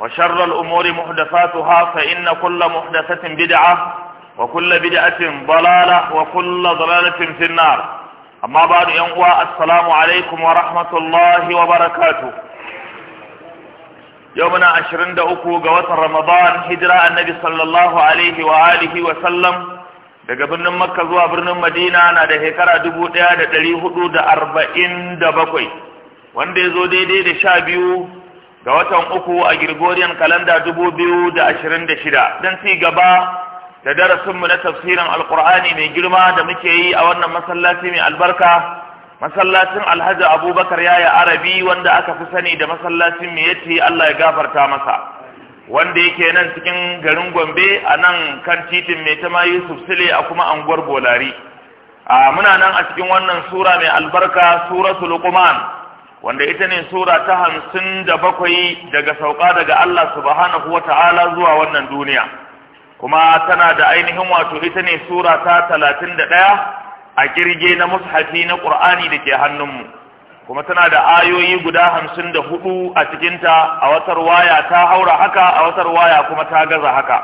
وشر الأمور محدثاتها فإن كل محدثة بدعة وكل بدعة ضلالة وكل ضلالة في النار أما بعد ينقوى السلام عليكم ورحمة الله وبركاته يومنا عشرين دعوكو قوات رمضان هجرة النبي صلى الله عليه وآله وسلم daga birnin Makka zuwa birnin Madina na da shekara dubu ɗaya da ɗari hudu da arba'in da bakwai wanda ya zo daidai da sha biyu ga watan uku a Gregorian kalanda dubu biyu da ashirin da shida don ci gaba da darasinmu na tafsirin alkur'ani mai girma da muke yi a wannan masallaci mai albarka masallacin alhaji abubakar yaya arabi wanda aka fi sani da masallacin yace allah ya gafarta masa wanda yake nan cikin garin gombe a nan kan titin mai tama yusuf sile a kuma anguwar bolari a muna nan a cikin wannan sura mai albarka suratul luqman wanda ita ne sura ta hamsin da bakwai daga sauka daga Allah subhanahu wata'ala zuwa wannan duniya kuma tana da ainihin wato ita ne sura ta talatin da ɗaya a kirge na mushafi na ƙur'ani da ke hannunmu kuma tana da ayoyi guda hamsin da hudu a cikinta a watar waya ta haura haka a watar waya kuma ta gaza haka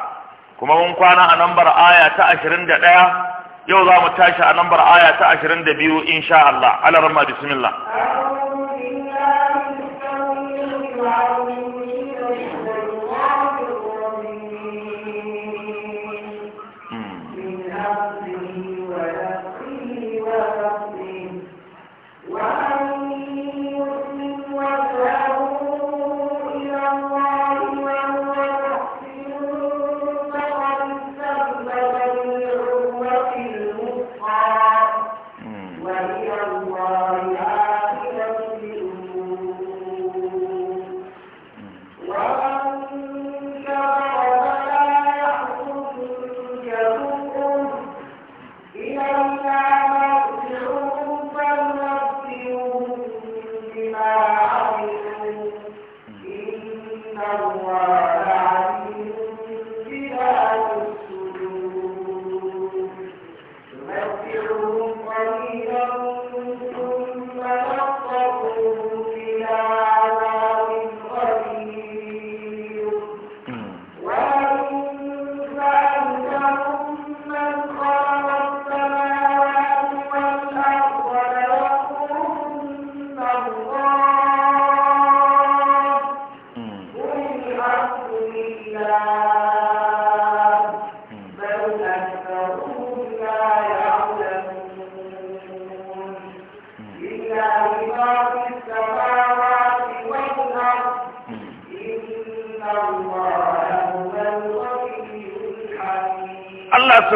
kuma mun kwana a nambar aya ta ashirin da ɗaya yau za mu tashi a nambar aya ta ashirin da biyu insha Allah alarma bismillah العظيم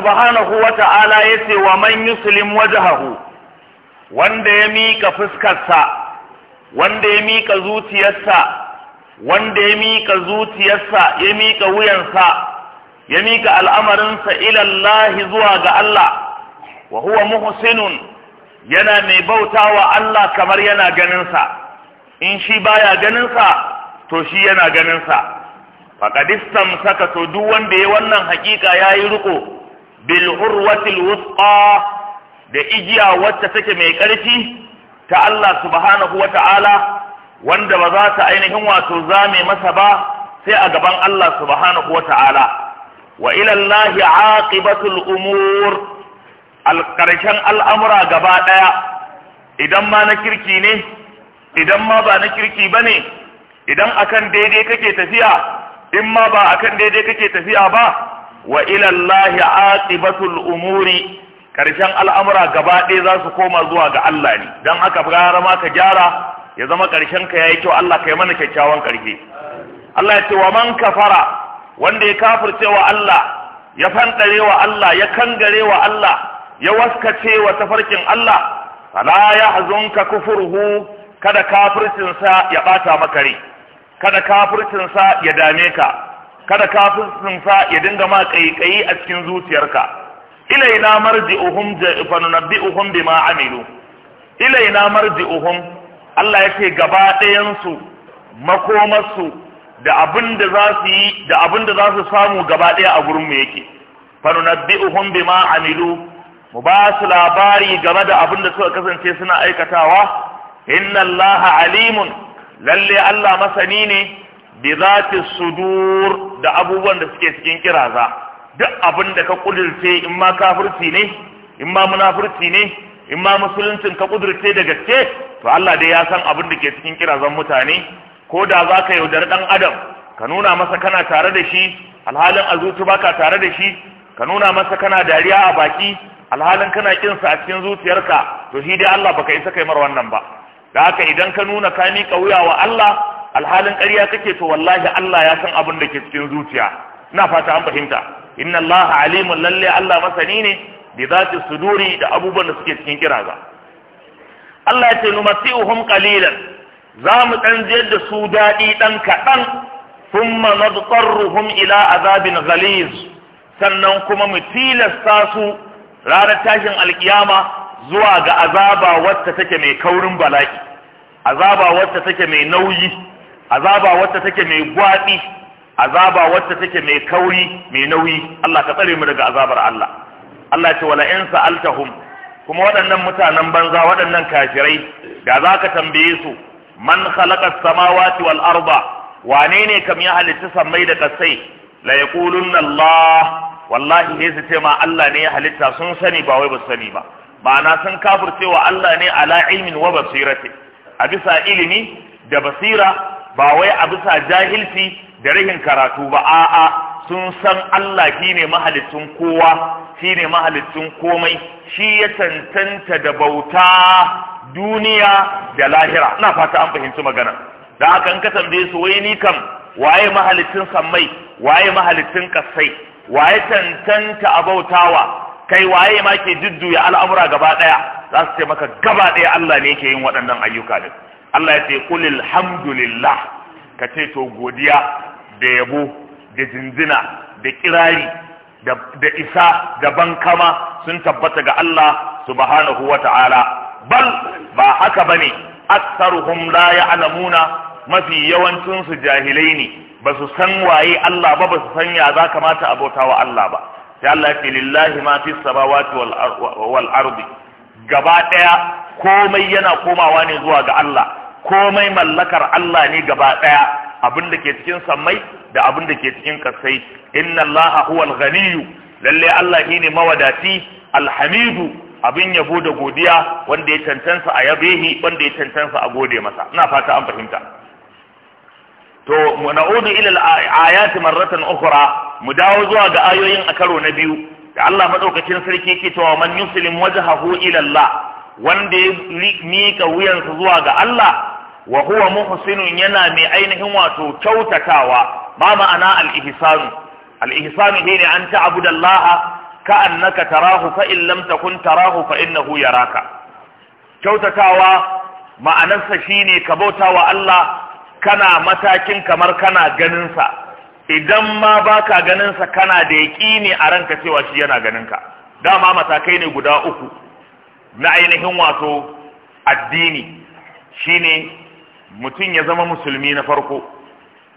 subhanahu wa ta'ala ya ce wa man yuslim wajhahu wanda ya mika fuskarsa wanda ya mika zuciyarsa wanda ya mika zuciyarsa ya mika wuyansa ya mika al'amarinsa ilallahi zuwa ga Allah wa huwa muhsinun yana mai bautawa Allah kamar yana ganinsa in shi baya ganinsa to shi yana ganinsa faƙadistan saka to duk wanda ya wannan haƙiƙa yayi yi riko bil urwatil da igiya wacce take mai ƙarfi ta Allah subhanahu wa ta'ala wanda ba za ta ainihin wato zame masa ba sai a gaban Allah subhanahu wa ta'ala wa ilallahi aqibatul umur alƙarshen al'amura gaba ɗaya idan ma na kirki ne idan ma ba na kirki ba ne idan akan daidai kake tafiya in ma ba akan daidai kake tafiya ba wa ilallahi aqibatul umuri karshen al'amura gaba ɗaya za su koma zuwa ga Allah ne don aka gara ma ka gyara ya zama karshen ka yayi kyau Allah kai mana kyakkyawan karshe Allah ya ce wa man kafara wanda ya kafirce wa Allah ya fandare wa Allah ya kangare wa Allah ya waskace wa tafarkin Allah fala yahzunka kufruhu kada sa ya bata maka rai kada sa ya dame ka kada kafin sa ya dinga ma kaikayi a cikin zuciyarka ilaina marji'uhum fa nunabbi'uhum bima amilu ilaina marji'uhum Allah yake gaba ɗayan su makomarsu da abin da za su yi da abin da za su samu gaba ɗaya a gurin mu yake fa nunabbi'uhum bima amilu mu ba su labari game da abin da suka kasance suna aikatawa inna alimun lalle Allah masani ne bi zati sudur da abubuwan da suke cikin kiraza duk abin da ka kudirce in ma kafirci ne in ma munafurci ne in ma musuluncin ka kudirce da gaske to Allah dai ya san abin da ke cikin kirazan mutane ko da za ka yaudar dan adam ka nuna masa kana tare da shi alhalin a zuci baka tare da shi ka nuna masa kana dariya a baki alhalin kana kinsa a cikin zuciyarka to shi dai Allah baka isa kai mar wannan ba da haka idan ka nuna ka miƙa wuya wa Allah alhalin ƙarya kake to wallahi Allah ya san abin da ke cikin zuciya ina fata an fahimta inna Allah alimun lalle Allah masani ne bi zati suduri da abubuwan da suke cikin kiraza Allah ya ce numati'uhum qalilan za mu dan jiyar da su daɗi dan kaɗan thumma nadqarruhum ila azabin ghaliz sannan kuma mu tilasta su ranar tashin alkiyama zuwa ga azaba wacce take mai kaurin bala'i azaba wacce take mai nauyi azaba wacce take mai gwaɗi azaba wacce take mai kauri mai nauyi Allah ka tsare mu daga azabar Allah Allah ce wala in sa'altahum kuma waɗannan mutanen banza waɗannan kafirai da za ka tambaye su man khalaqa samawati wal arda wane ne kam ya halitta sammai da kasai la yaqulunna Allah wallahi ne su ce ma Allah ne ya halitta sun sani ba wai ba sani ba ma'ana sun kafurcewa Allah ne ala ilmin wa basirati a bisa ilimi da basira ba wai a bisa jahilci da rahin karatu ba a'a sun san Allah shine mahalicin kowa shine mahalicin komai shi ya tantanta da bauta duniya da lahira ina fata an fahimci magana da haka in ka tambaye su wai ni kam waye mahalicin sammai waye mahalicin kasai waye tantanta abautawa kai waye ma ke jujjuya al'amura gaba daya za su ce maka gaba daya Allah ne yake yin waɗannan ayyuka din Allah ya ce qul alhamdulillah ka ce to godiya da yabo da jinjina da kirari da isa da bankama sun tabbata ga Allah subhanahu wata'ala bal ba haka bane aktsaruhum la ya'lamuna mafi yawancin su jahilai ne ba su san waye Allah ba ba su san ya za kamata bauta wa Allah ba sai Allah ya ce lillahi ma fi samawati wal ardi gaba daya komai yana komawa ne zuwa ga Allah komai mallakar Allah ne gaba ɗaya, abin da ke cikin sammai da abin da ke cikin kasai inna Allah huwal ghaniyu lalle Allah shine mawadati alhamidu abin yabo da godiya wanda ya cancansa a yabehi wanda ya cancansa a gode masa ina fata an fahimta to na'udu ila al-ayat marratan ukhra mu dawo zuwa ga ayoyin a karo na biyu da Allah madaukakin sarki ke cewa man yuslim wajhahu ila Allah wanda ya mika wuyansa zuwa ga Allah wa huwa muhsinun yana mai ainihin wato kyautatawa Ba ma'ana al-ihsanu al-ihsanu shine an ta'budallaha ka annaka tarahu fa in lam takun tarahu fa innahu yaraka kyautatawa ma'anarsa shine ka bautawa Allah kana matakin kamar kana ganin sa idan ma baka ganin sa kana da yaqini a ranka cewa shi yana ganin ka dama matakai ne guda uku na ainihin wato addini shine mutum ya zama musulmi na farko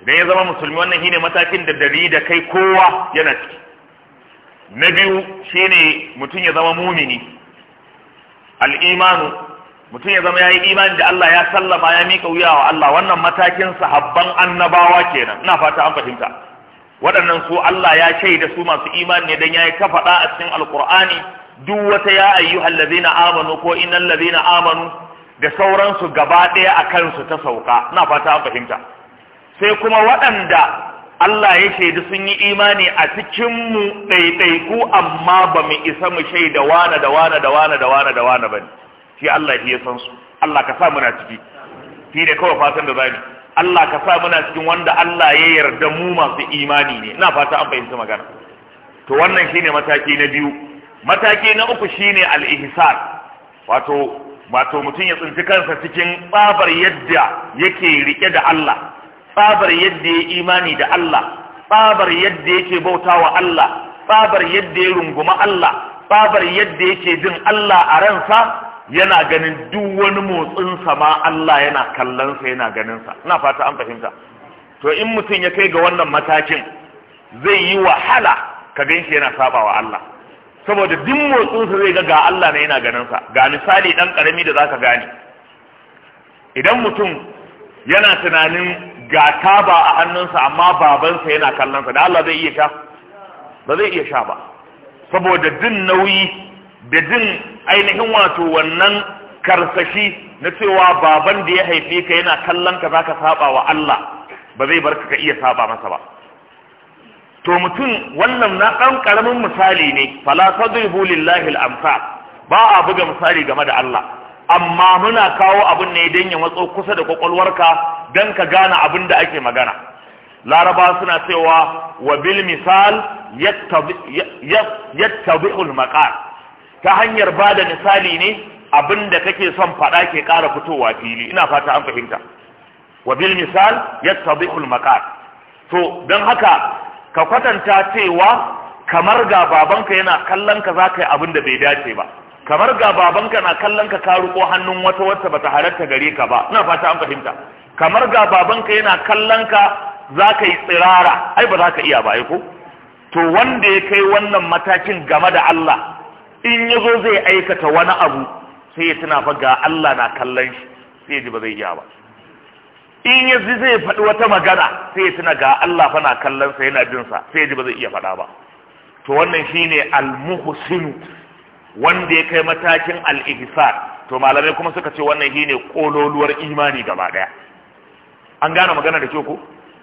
idan ya zama musulmi wannan shine matakin da dari da kai kowa yana ciki na biyu shine mutum ya zama mumini al'imanu mutum ya zama ya yi imani da Allah ya sallama ya miƙa wuya wa Allah wannan matakin sahabban annabawa kenan ina fata an fahimta waɗannan su Allah ya shaida su masu imani ne dan yayi ta faɗa a cikin alqur'ani duk wata ya ayyuhal ladina amanu ko innal ladina amanu da sauransu gaba ɗaya a kansu ta sauka na fata an fahimta sai kuma waɗanda Allah ya shaidu sun yi imani a cikinmu ɗaiɗaiku amma ba mu isa mu shaida wana da wana da wana da wana da wana ba ne shi Allah shi ya san su Allah ka sa muna ciki shi da kawai fatan da zani Allah ka sa muna cikin wanda Allah ya yarda mu masu imani ne ina fata an fahimta magana to wannan shine mataki na biyu mataki na uku shine al-ihsan wato wato mutum ya tsinci kansa cikin tsabar yadda yake rike da Allah tsabar yadda ya imani da Allah tsabar yadda yake bautawa Allah tsabar yadda ya runguma Allah tsabar yadda yake jin Allah a ransa yana ganin duk wani motsin sa ma Allah yana kallonsa, yana ganinsa. sa ina fata an fahimta to in mutum ya kai ga wannan matakin zai yi wahala ka gan shi yana sabawa Allah saboda duk motsinsa zai ga ga Allah ne yana ganinsa ga misali dan karami da zaka ka gane idan mutum yana tunanin ga taba a hannunsa amma babansa yana kallonsa da Allah zai iya sha ba zai iya sha ba saboda din nauyi da jin ainihin wato wannan karsashi na cewa baban da ya haife ka yana kallon ka zaka saba wa Allah ba zai barka ka iya saba masa ba to mutum wannan na ɗan ƙaramin misali ne fala tadribu lillahi al ba a buga misali game da Allah amma muna kawo abin ne don ya matso kusa da kwakwalwarka don ka gane abin da ake magana laraba suna cewa wa bil misal maqal ta hanyar ba da misali ne abin da kake son faɗa ke ƙara fitowa fili ina fata an fahimta wa bil misal yattabi'ul maqal to don haka ka kwatanta cewa kamar ga babanka yana kallon ka za ka yi abin da bai dace ba kamar ga babanka na kallon ka ka riko hannun wata wata bata halarta gare ka ba ina fata an fahimta kamar ga babanka yana kallon ka za ka yi tsirara ai ba za ka iya ba ai ko to wanda ya kai wannan matakin game da Allah in ya zo zai aikata wani abu sai ya tuna fa ga Allah na kallon shi sai ya ji ba zai iya ba in ya ji zai faɗi wata magana sai ya tuna ga Allah fana kallon sa yana bin sa sai ya ji ba zai iya faɗa ba to wannan shine al-muhsinu wanda ya kai matakin al-ihsan to malamai kuma suka ce wannan shine kololuwar imani gaba daya an gane magana da kyau ko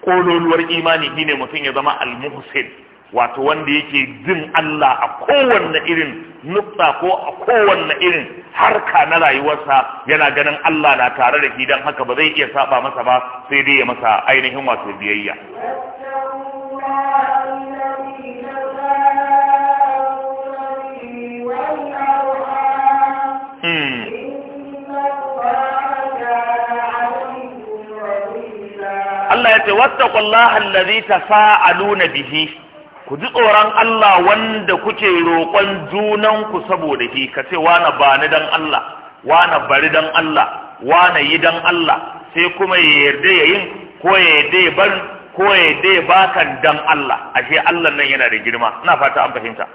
kololuwar imani shine mutum ya zama al-muhsin wato wanda yake jin Allah a kowanne irin nutsa ko a kowanne irin harka na rayuwarsa yana ganin Allah na tare da shi don haka ba zai iya saba masa ba sai dai ya masa ainihin wato biyayya hmm. Allah ya ce wattaqullaha allazi tasaaluna bihi ku ji tsoron Allah wanda kuke roƙon junanku saboda shi ka ce wani ba ni dan Allah wani bari dan Allah wani yi dan Allah sai kuma ya yarda ya yin ko ya yarda ya bar ko ya yarda ya bakan dan Allah ashe Allah nan yana da girma ina fata an fahimta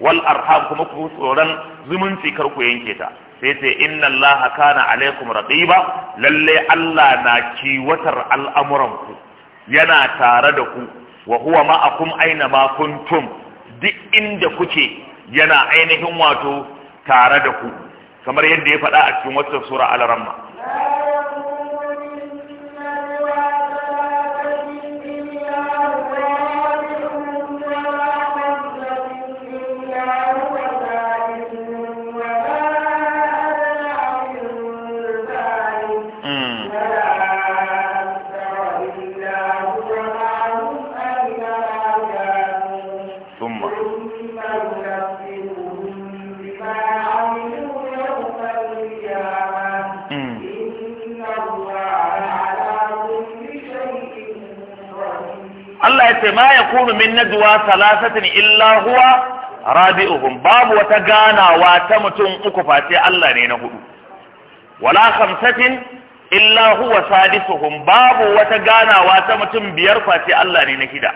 wal arham kuma ku tsoron zumunci kar ku yanke ta sai ce inna Allah kana alaikum raqiba lalle Allah na kiwatar ku yana tare da ku wa huwa ma'akum aina ma kuntum duk inda kuke yana ainihin wato tare da ku kamar yadda ya faɗa a cikin wata sura al-ramma ce ma yakunu min najwa salasatin illa huwa rabi'uhum babu wata ganawa ta mutum uku face Allah ne na hudu wala khamsatin illa huwa sadisuhum babu wata ganawa ta mutum biyar face Allah ne na shida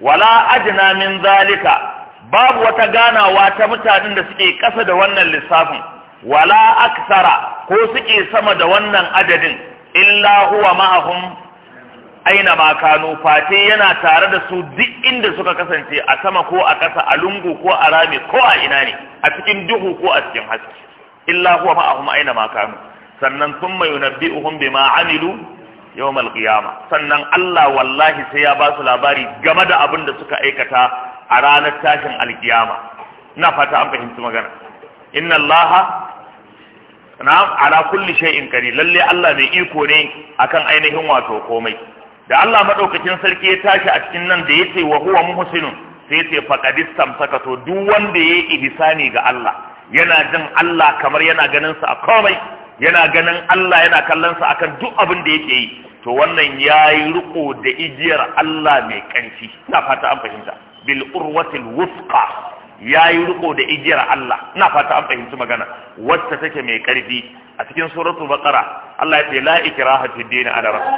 wala ajna min zalika babu wata ganawa ta mutanen da suke kasa da wannan lissafin wala aksara ko suke sama da wannan adadin illa huwa ma'ahum aina ma kanu fate yana tare da su duk inda suka kasance a sama ko a ƙasa a lungu ko a rami ko a ina ne a cikin duhu ko a cikin haske illa huwa ma'ahum aina ma kanu sannan thumma yunabbi'uhum bima amilu yawmal qiyama sannan Allah wallahi sai ya ba su labari game da abin da suka aikata a ranar tashin alkiyama ina fata an fahimci magana inna Allah na'am ala kulli shay'in qadir lalle Allah mai iko ne akan ainihin wato komai da Allah madaukakin sarki ya tashi a cikin nan da yace wa huwa muhsinun sai yace faqadis istamsaka to duk wanda yayi ihsani ga Allah yana jin Allah kamar yana ganin sa a komai yana ganin Allah yana kallon sa akan duk abin da yake yi to wannan yayi riko da igiyar Allah mai ƙarfi ina fata an fahimta bil urwatil wusqa ya riko da igiyar Allah na fata an fahimci magana wacce take mai karfi a cikin suratul baqara Allah ya ce la ikraha fid din ala rabb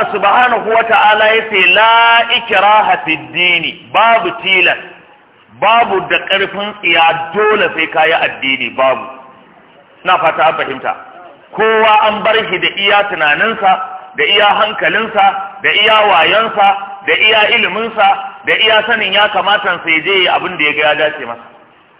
Allah subhanahu wa ta'ala ya ce la ikraha fid dini babu tilas babu da karfin tsiya dole sai kayi addini babu na fata fahimta kowa an bar shi da iya tunaninsa da iya hankalinsa da iya wayonsa da iya iliminsa da iya sanin ya kamata sai je abin da ya ga ya dace masa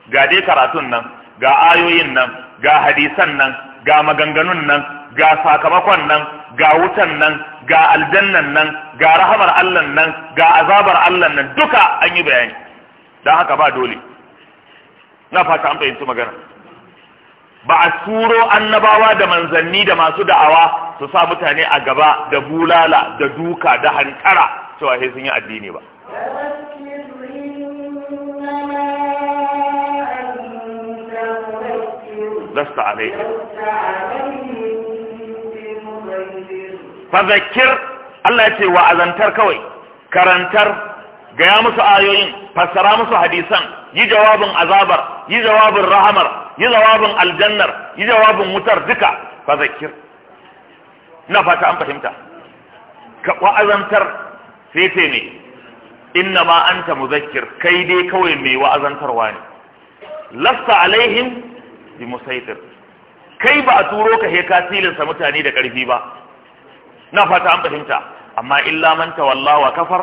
ga dai karatun nan ga ayoyin nan ga hadisan nan ga maganganun nan ga sakamakon nan ga wutan nan ga aljannan nan ga rahamar Allah nan ga azabar Allah nan duka an yi bayani don haka ba dole na fata an fahimci magana ba a turo annabawa da manzanni da masu da'awa su sa mutane a gaba da bulala da duka da hankara cewa sai sun yi addini ba lasta alaihi fazakir Allah ya ce wa'azantar kawai karantar gaya musu ayoyin fassara musu hadisan yi jawabin azabar yi jawabin rahamar yi jawabin aljannar yi jawabin wutar duka fazakir na fata an fahimta ka wa'azantar sai ce ne inna ma anta muzakkir kai dai kawai mai wa'azantarwa ne lasta alaihim bi musaitir kai ba a turo ka he ka tilinsa mutane da ƙarfi ba na fata an fahimta amma illa man tawalla wa kafar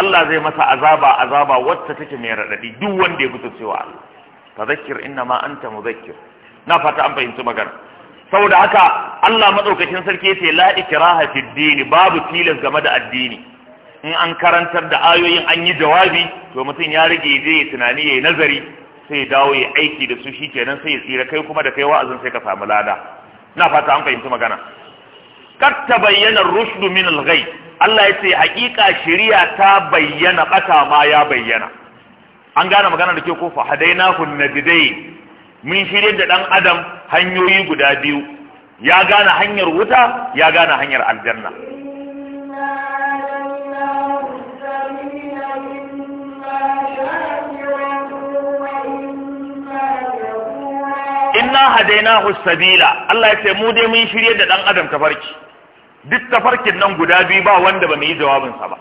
Allah zai masa azaba azaba wacce take mai radadi duk wanda ya fito cewa Allah fadhakkir inna ma anta mudhakkir na fata an fahimta magana saboda haka Allah madaukakin sarki yace la ikraha fid din babu tilas game da addini in an karantar da ayoyin an yi jawabi to mutum ya rage zai tunani yayi nazari sai dawo ya aiki da su shi kenan sai ya tsira kai kuma da kai wa'azin sai ka samu lada na fata an fahimci magana kar ta bayyana rushdu min al ghayb Allah ya ce hakika shari'a ta bayyana bata ma ya bayyana an gane magana da ke ko fa hadainahu najidai mun shirye da dan adam hanyoyi guda biyu ya gane hanyar wuta ya gane hanyar aljanna hadaina hadainahu sabila Allah ya ce mu dai mun shirye da dan adam tafarki duk tafarkin nan guda biyu ba wanda ba mu yi jawabin sa ba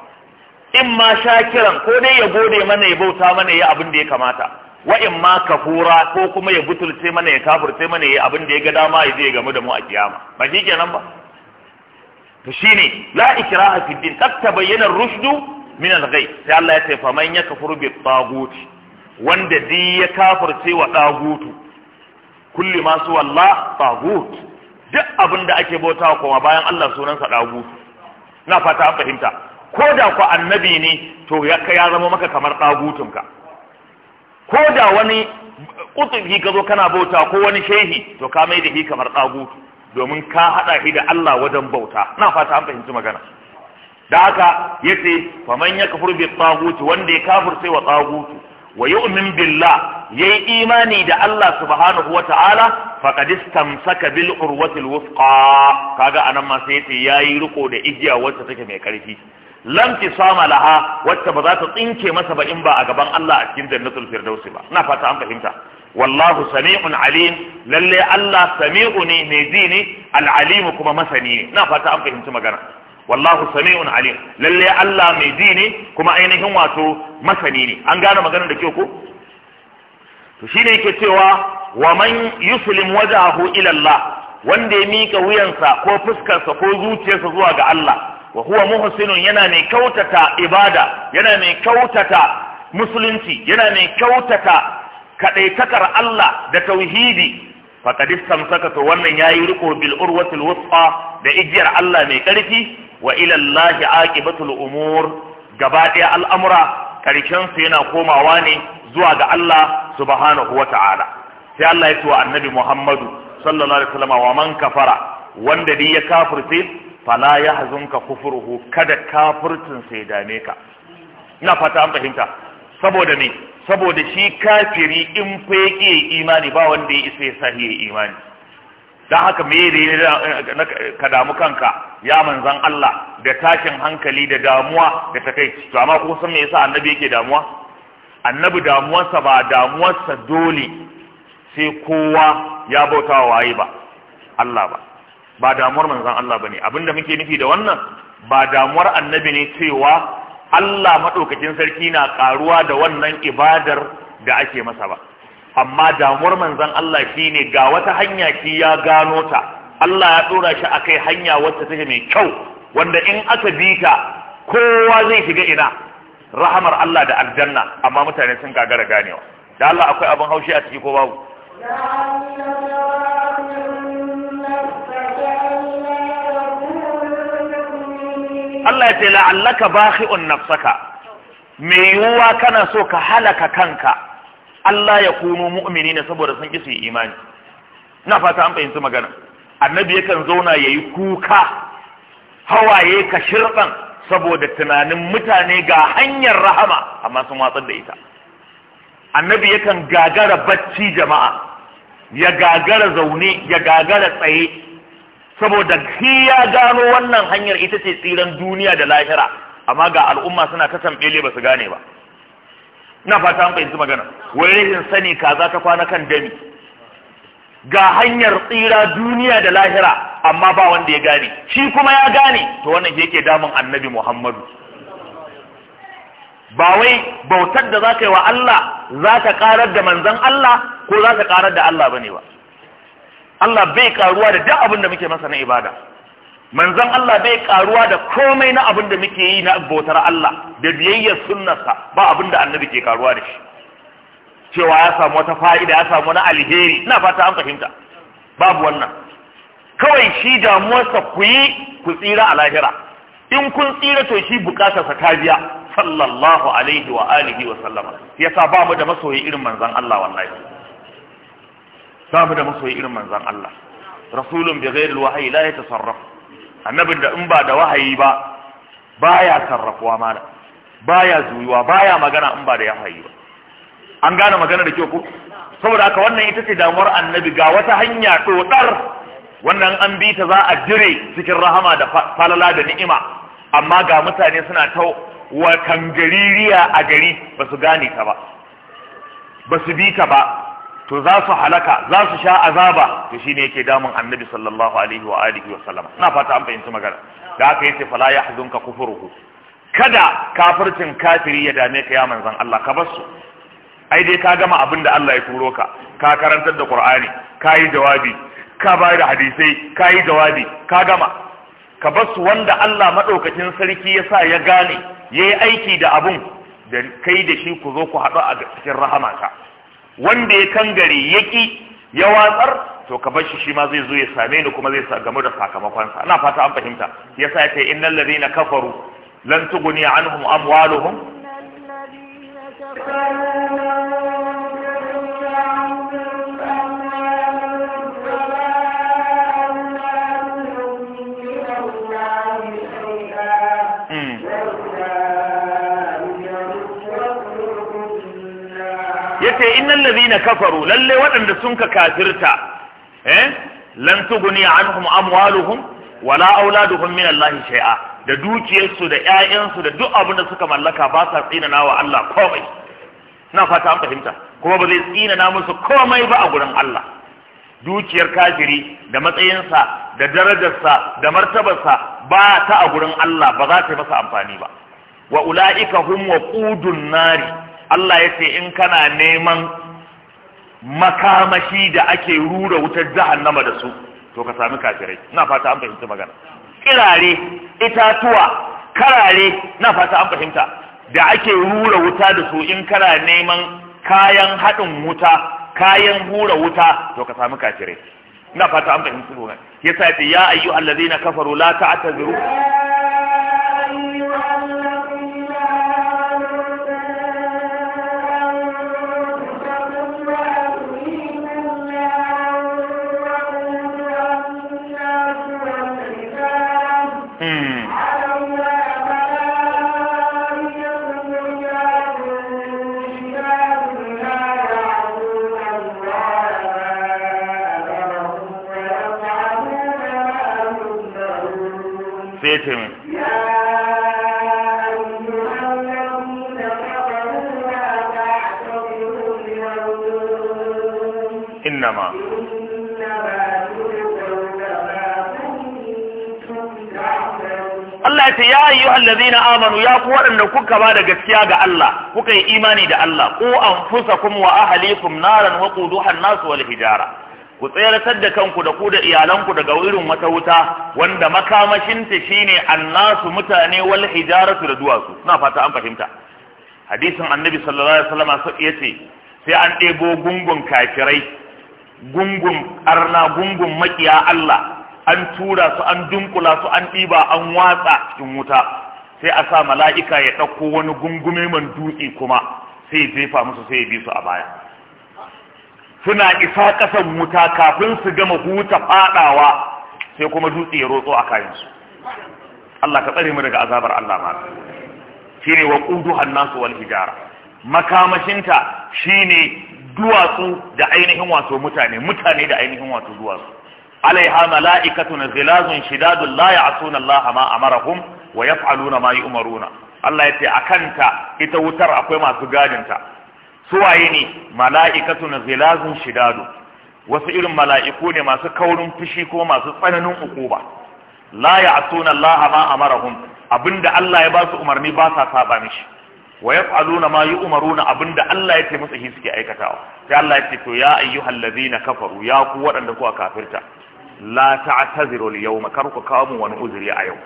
in ma shakiran ko dai ya gode mana ya bauta mana ya abin da ya kamata wa in ma kafura ko kuma ya butulce mana ya kafurce mana ya abin da ya ga dama ya zai gamu da mu a kiyama ba shi kenan ba to shine la ikraha fi din qad tabayyana rushdu min al-ghay sai Allah ya ce faman yakfuru bi taguti wanda dai ya kafurce wa tagutu kulli ma su wallah tagut duk abin da ake bautawa kuma bayan Allah sunansa dagu na fata an fahimta ko da ku annabi ne to ya ya zama maka kamar dagutunka ko da wani kutubi ka zo kana bauta ko wani shehi to ka mai da shi kamar dagutu domin ka hada shi da Allah wajen bauta na fata an fahimci magana da haka yace faman yakfur bi tagut wanda ya kafirce wa tagutu wa yu'min billah yayi imani da Allah subhanahu wa ta'ala faqad istamsaka bil urwatil wusqa kaga anan ma sai yace yayi riko da igiya wacce take mai ƙarfi lam tisama laha wacce ba za ta tsinke masa ba ba a gaban Allah a cikin jannatul firdaus ba ina fata an fahimta wallahu sami'un alim lalle Allah sami'u ne mai ji ne al-alim kuma masani ne ina fata an fahimci magana wallahu sami'un alim lalle Allah mai ji ne kuma ainihin wato masani ne an gane maganar da kyau ko to shine yake cewa wa man yuslim wajahu ila Allah wanda ya mika wuyansa ko fuskarsa ko zuciyarsa zuwa ga Allah wa huwa muhsinun yana mai kautata ibada yana mai kautata musulunci yana mai kautata kadaitakar Allah da tauhidi faqad istamsaka to wannan yayi riko bil urwatil wusta da igiyar Allah mai karfi wa ila Allah aqibatul umur gaba daya al'amura karshen su yana komawa ne zuwa ga Allah subhanahu wata'ala sai Allah ya ce wa annabi Muhammadu sallallahu alaihi wasallam wa man kafara wanda dai ya kafirce fala yahzunka kufruhu kada kafircin sai dame ka ina fata an fahimta saboda ne saboda shi kafiri in fa yake imani ba wanda ya isa ya sahiye imani don haka me da eh, ka damu kanka ya manzan Allah da tashin hankali da damuwa da ta kai to amma ko san me yasa annabi yake damuwa annabi damuwarsa ba damuwarsa dole sai kowa ya bauta wa waye ba Allah ba ba damuwar manzan Allah bane abinda muke nufi da wannan ba damuwar annabi ne cewa Allah madaukakin sarki na karuwa da wannan ibadar da ake masa ba amma damuwar manzon Allah shine ga wata hanya shi ya gano ta Allah ya dora shi akai hanya wacce take mai kyau wanda in aka bi ta kowa zai shiga ina rahamar Allah da aljanna amma mutane sun gagara ganewa da Allah akwai abin haushi a ciki ko babu Allah ya ce la'allaka bakhi'un nafsaka mai yiwuwa kana so ka halaka kanka Allah ya kunu mu'mini ne saboda sun ƙi su yi imani ina fata an fahimci magana annabi yakan zauna ya yi kuka hawaye ka shirɗan saboda tunanin mutane ga hanyar rahama amma sun watsar da ita annabi yakan gagara bacci jama'a ya gagara zaune ya gagara tsaye saboda shi ya gano wannan hanyar ita ce tsiran duniya da lahira amma ga al'umma suna ta tambele ba su gane ba na fata an fahimci magana wai sani kaza ta kwana kan dami ga hanyar tsira duniya da lahira amma ba wanda ya gane shi kuma ya gane to wannan yake damun annabi muhammadu ba wai bautar da za ka yi wa Allah za ka karar da manzan Allah ko za ka karar da Allah bane ba Allah bai karuwa da duk abin da muke masa na ibada manzon Allah bai karuwa da komai na abin da muke yi na bautar Allah da biyayyar sunnarsa ba abin da annabi ke karuwa da shi cewa ya samu wata fa'ida ya samu na alheri ina fata an fahimta babu wannan kawai shi damuwarsa ku yi ku tsira a lahira in kun tsira to shi sa ta biya sallallahu alaihi wa alihi wa sallama yasa ba mu da masoyi irin manzon Allah wallahi ba mu da masoyi irin manzon Allah rasulun bi ghairi alwahyi la yatasarrafu annabin da in ba da wahayi ba baya sarrafuwa mana baya zuyuwa baya magana in ba da wahayi ba an gane magana da kyau ko saboda haka wannan ita ce damuwar annabi ga wata hanya dodar wannan an bi ta za a jire cikin rahama da falala da ni'ima amma ga mutane suna ta wa kangaririya a gari ba su gane ta ba ba su bi ta ba to za su halaka za su sha azaba to shine yake damun annabi sallallahu alaihi wa alihi wa sallama ina fata an fahimci magana da yi yace fala yahzunka kufruhu kada kafircin kafiri ya dame ka ya manzan Allah ka bar su ai dai ka gama abin da Allah ya turo ka ka karantar da Qur'ani ka yi jawabi ka bayar da hadisai ka yi jawabi ka gama ka bar su wanda Allah madaukakin sarki ya sa ya gane yayi aiki da abun da kai da shi ku zo ku haɗu a cikin rahama ka. wanda ya kangare yaki ya watsar to ka bar shi shi ma zai zo ya same ni kuma zai gamu da sakamakonsa ana fata an fahimta yasa ya ce innal ladina kafaru lan tughni anhum amwaluhum Mm. ce innal na kafaru lalle waɗanda sun ka kafirta eh, lan tuguni anhum amwaluhum wala auladuhum min Allah shay'a da dukiyarsu da ƴaƴansu da duk abin da suka mallaka ba sa tsinana wa Allah komai na fata an fahimta kuma ba zai tsinana musu komai ba a gurin Allah dukiyar kafiri da matsayinsa da darajarsa da martabarsa ba ta a gurin Allah ba za ta yi masa amfani ba wa ula'ika hum wa qudun nari Allah ya ce in kana neman makamashi da ake rura wutar jahannama da su to ka sami kafirai ina fata an fahimta magana kirare itatuwa karare na fata an fahimta da ake rura wuta da su in kana neman kayan haɗin wuta kayan hura wuta to ka sami kafirai ina fata an fahimta magana yasa ya ayyuhallazina kafaru la ta'tazuru ce ya ayyuhal ladzina amanu ya ku waɗanda kuka ba da gaskiya ga Allah kuka yi imani da Allah fusa kuma wa ahlikum naran wa quduha an-nas wal hijara ku tsayar da kanku da ku da iyalanku daga irin wata wuta wanda makamashinta shine annasu mutane wal hijaratu da duwatsu na fata an fahimta hadisin annabi sallallahu alaihi wasallam yace sai an ɗebo gungun kafirai gungun arna gungun makiya Allah an tura su an dunkula su an ɗiba an watsa cikin wuta sai a sa mala'ika ya ɗauko wani gungume man dutse kuma sai jefa musu sai ya bi su a baya suna isa kasan wuta kafin su gama huta fadawa sai kuma dutse ya rotso a su. Allah ka tsare mu daga azabar Allah ma shine wa qudu hannasu wal hijara makamashinta shine duwatsu da ainihin wato mutane mutane da ainihin wato duwatsu alaiha mala'ikatun zilazun shidadun la ya'suna Allah ma amarahum wa yaf'aluna ma yu'maruna Allah ya ce akanta ita wutar akwai masu gadinta suwaye ne mala'ikatun zilazun shidadu wasu irin mala'iku ne masu kaurin fushi ko masu tsananin ukuba la ya'suna Allah ma amarahum abinda Allah ya ba su umarni ba sa saba mishi wa yaf'aluna ma abinda Allah ya ce musu shi suke aikatawa sai Allah ya ce to na kafaru ya waɗanda kuka kafirta la ta'taziru al-yawma karku kawo mun wani uzuri a yau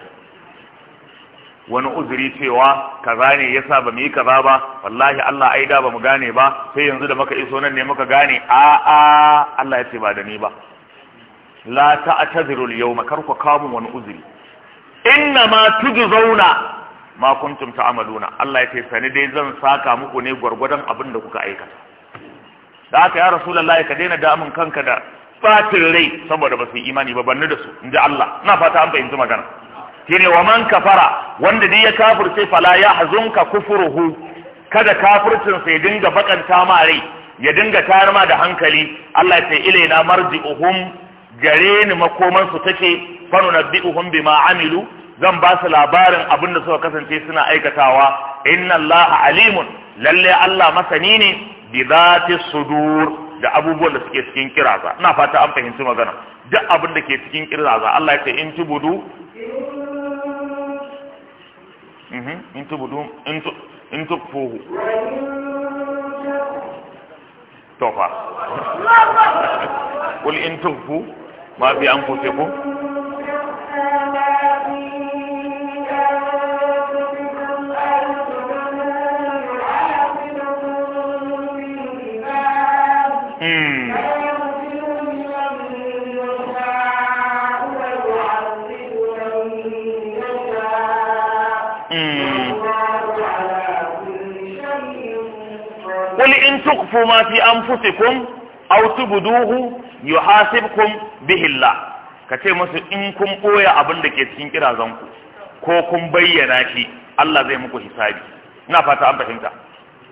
wani uzuri cewa kaza ne yasa ba mu yi kaza ba wallahi Allah ai da ba mu gane ba sai yanzu da muka iso nan ne muka gane a a Allah ya ce ba da ni ba la ta'taziru al-yawma karku kawo mun wani uzuri inna ma tujzauna ma kuntum ta'maluna Allah ya ce sani dai zan saka muku ne gwargwadon abin da kuka aikata da haka ya rasulullahi ka daina damun kanka da Batin rai saboda ba su yi imani ba bannu da su ji Allah ina fata an fahimci magana shine wa man kafara wanda dai ya kafirce fala ya hazunka kufruhu kada kafircin sai dinga bakanta ma rai ya dinga tayar ma da hankali Allah ya ce ilaina marji'uhum gare ni makoman su take fanu nabbi'uhum bima amilu zan ba su labarin abin da suka kasance suna aikatawa inna Allah alimun lalle Allah masani ne bi zati sudur da abubuwan da suke cikin kiraza ina fata an fahimci magana duk abin da ke cikin kiraza Allah ya ce in tubudu mhm, in tubudu in tukfuhu tofa kul in tukfu ma fi anfusikum قل إن تخفوا ما في أنفسكم أو تبدوه kun bihilla ka kace musu in kun ɓoye abin da ke cikin kirazan ku ko kun bayyana shi Allah zai muku hisabi ina fata an fahimta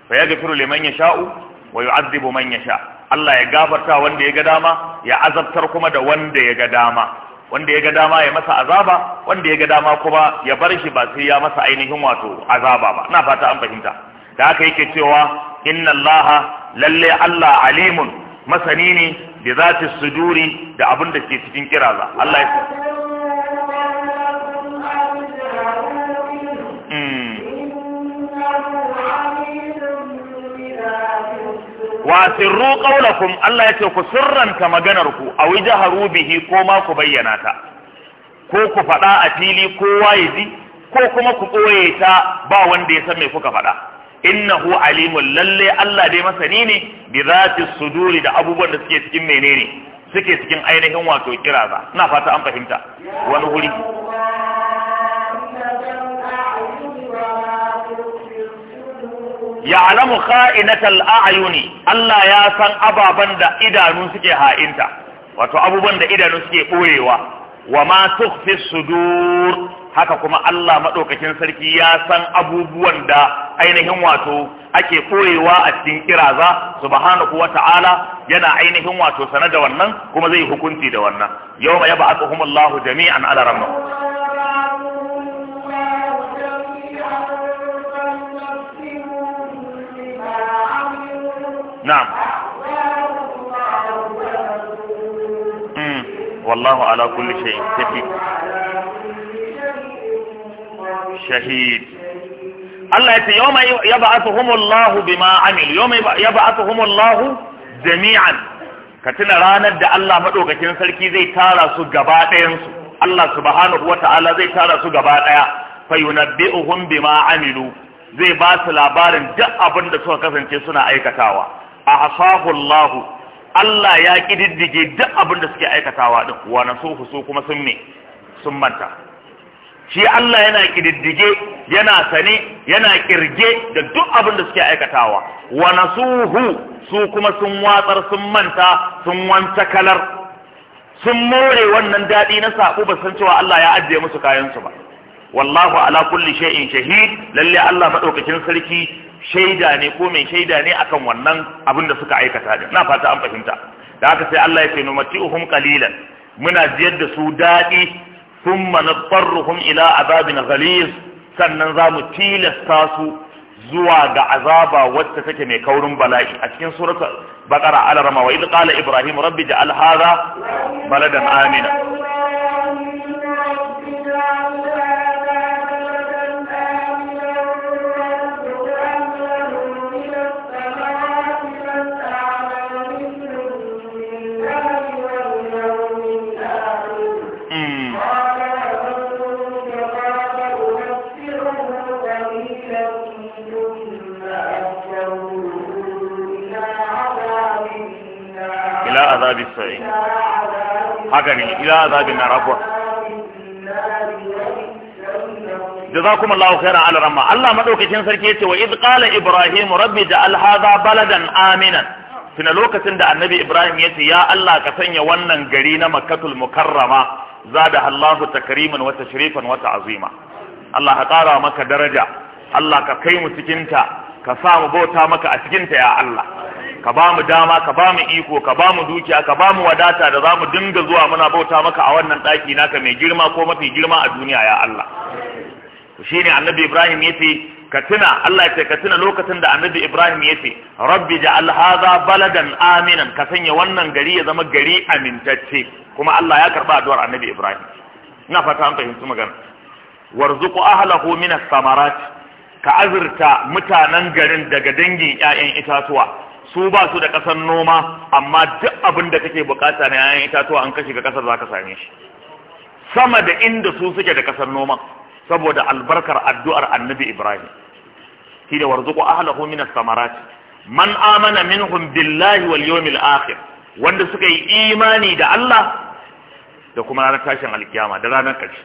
fa yaghfiru liman yasha'u wa yu'adhibu man sha. Allah ya gafarta wanda ya ga dama ya azabtar kuma da wanda ya ga dama wanda ya ga dama ya masa azaba wanda ya ga dama kuma ya bar shi ba sai ya masa ainihin wato azaba ba ina fata an fahimta da haka yake cewa inna Allah lalle Allah alimun masani ne bi zati suduri da abin da ke cikin kiraza Allah ya wa sirru qaulakum Allah yace ku sirranta maganar ku a jaharu bihi ko ma ku bayyana ta ko ku faɗa a fili ko ya ko kuma ku ɓoye ta ba wanda ya san me kuka faɗa innahu alimun lalle Allah dai masani ne bi zati suduri da abubuwan da suke cikin menene suke cikin ainihin wato kiraza ina fata an fahimta wani wuri ya'lamu kha'inatal a'yuni Allah ya san ababan da idanu suke ha'inta wato abubuwan da idanu suke boyewa wa ma tukhfi sudur haka kuma Allah madaukakin sarki ya san abubuwan da ainihin wato ake koyewa a cikin kiraza subhanahu ta'ala yana ainihin wato sanar da wannan kuma zai hukunci da wannan yawma yab'athuhumullahu jami'an ala rabbihim na'am hmm, wallahu ala kulli shay'in shahid shahid Allah yace yawma yab'athuhumullahu bima amil yawma yab'athuhumullahu jami'an ka tuna ranar da Allah madaukakin sarki zai tara su gaba Allah subhanahu wata'ala zai tara su gaba ɗaya fa yunabbi'uhum zai ba su labarin duk abin da suka kasance suna aikatawa ahsahu Allah Allah ya kididdige duk abin da suke aikatawa din wa nasuhu su kuma sun me sun manta shi Allah yana kididdige yana sane yana kirge da duk abin da suke aikatawa wa nasuhu su kuma sun watsar sun manta sun wanta kalar sun more wannan dadi na saɓo ba san cewa Allah ya ajiye musu kayansu ba wallahu ala kulli shay'in shahid lalle Allah madaukakin sarki shaida ne ko mai shaida ne akan wannan abin da suka aikata din na fata an fahimta da haka sai Allah ya ce numati'uhum qalilan muna ziyar da su dadi thumma nadarruhum ila azabin ghaliz sannan zamu tilasta su zuwa ga azaba wacce take mai kaurin bala'i a cikin suratul baqara al-rama wa idh qala ibrahim rabbi ja'al hadha baladan amina azabis sa'i haka ne ila azabin nar afwa jazakumullahu khairan ala ramma Allah madaukakin sarki yace wa id qala ibrahim rabbi ja'al hadha baladan aminan tuna lokacin da annabi ibrahim yace ya Allah ka sanya wannan gari na makkatul mukarrama zada Allahu takriman wa tashrifan wa ta'zima Allah ka kara maka daraja Allah ka kai mu cikinta ka sa mu bauta maka a cikinta ya Allah ka ba mu dama ka ba mu iko ka ba mu dukiya ka ba mu wadata da za mu dinga zuwa muna bauta maka a wannan ɗaki naka mai girma ko mafi girma a duniya ya Allah shine annabi Ibrahim ce ka tuna Allah ya ce ka tuna lokacin da annabi Ibrahim ce, rabbi ja'al hadha baladan aminan ka sanya wannan gari ya zama gari amintacce kuma Allah ya karba addu'ar annabi Ibrahim ina fata an fahimci magana warzuqu ahlahu min as-samarat ka azurta mutanen garin daga dangin 'ya'yan itatuwa su ba su da ƙasar noma amma duk abin da kake bukata na yayan itatuwa an kashe ga ƙasar za ka same shi sama da inda su suke da ƙasar noma saboda albarkar addu'ar annabi ibrahim shi da warzuku ahlahu min samarat man amana minhum billahi wal yawmil akhir wanda suka yi imani da Allah da kuma ranar tashin alkiyama da ranar ƙarshe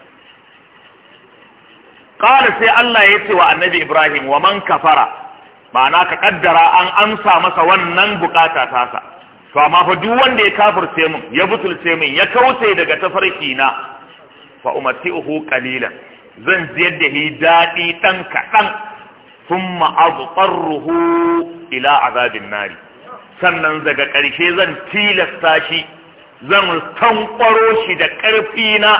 qala sai Allah ya ce wa annabi ibrahim wa man kafara ma'ana ka kaddara an amsa masa wannan bukata tasa to amma fa duk wanda ya kafirce mun ya butulce mun ya kauce daga tafarki na fa umati'uhu qalilan zan ziyar da hi dadi dan kadan thumma azqarruhu ila azabin nari sannan daga ƙarshe zan tilasta shi zan tankwaro shi da ƙarfi na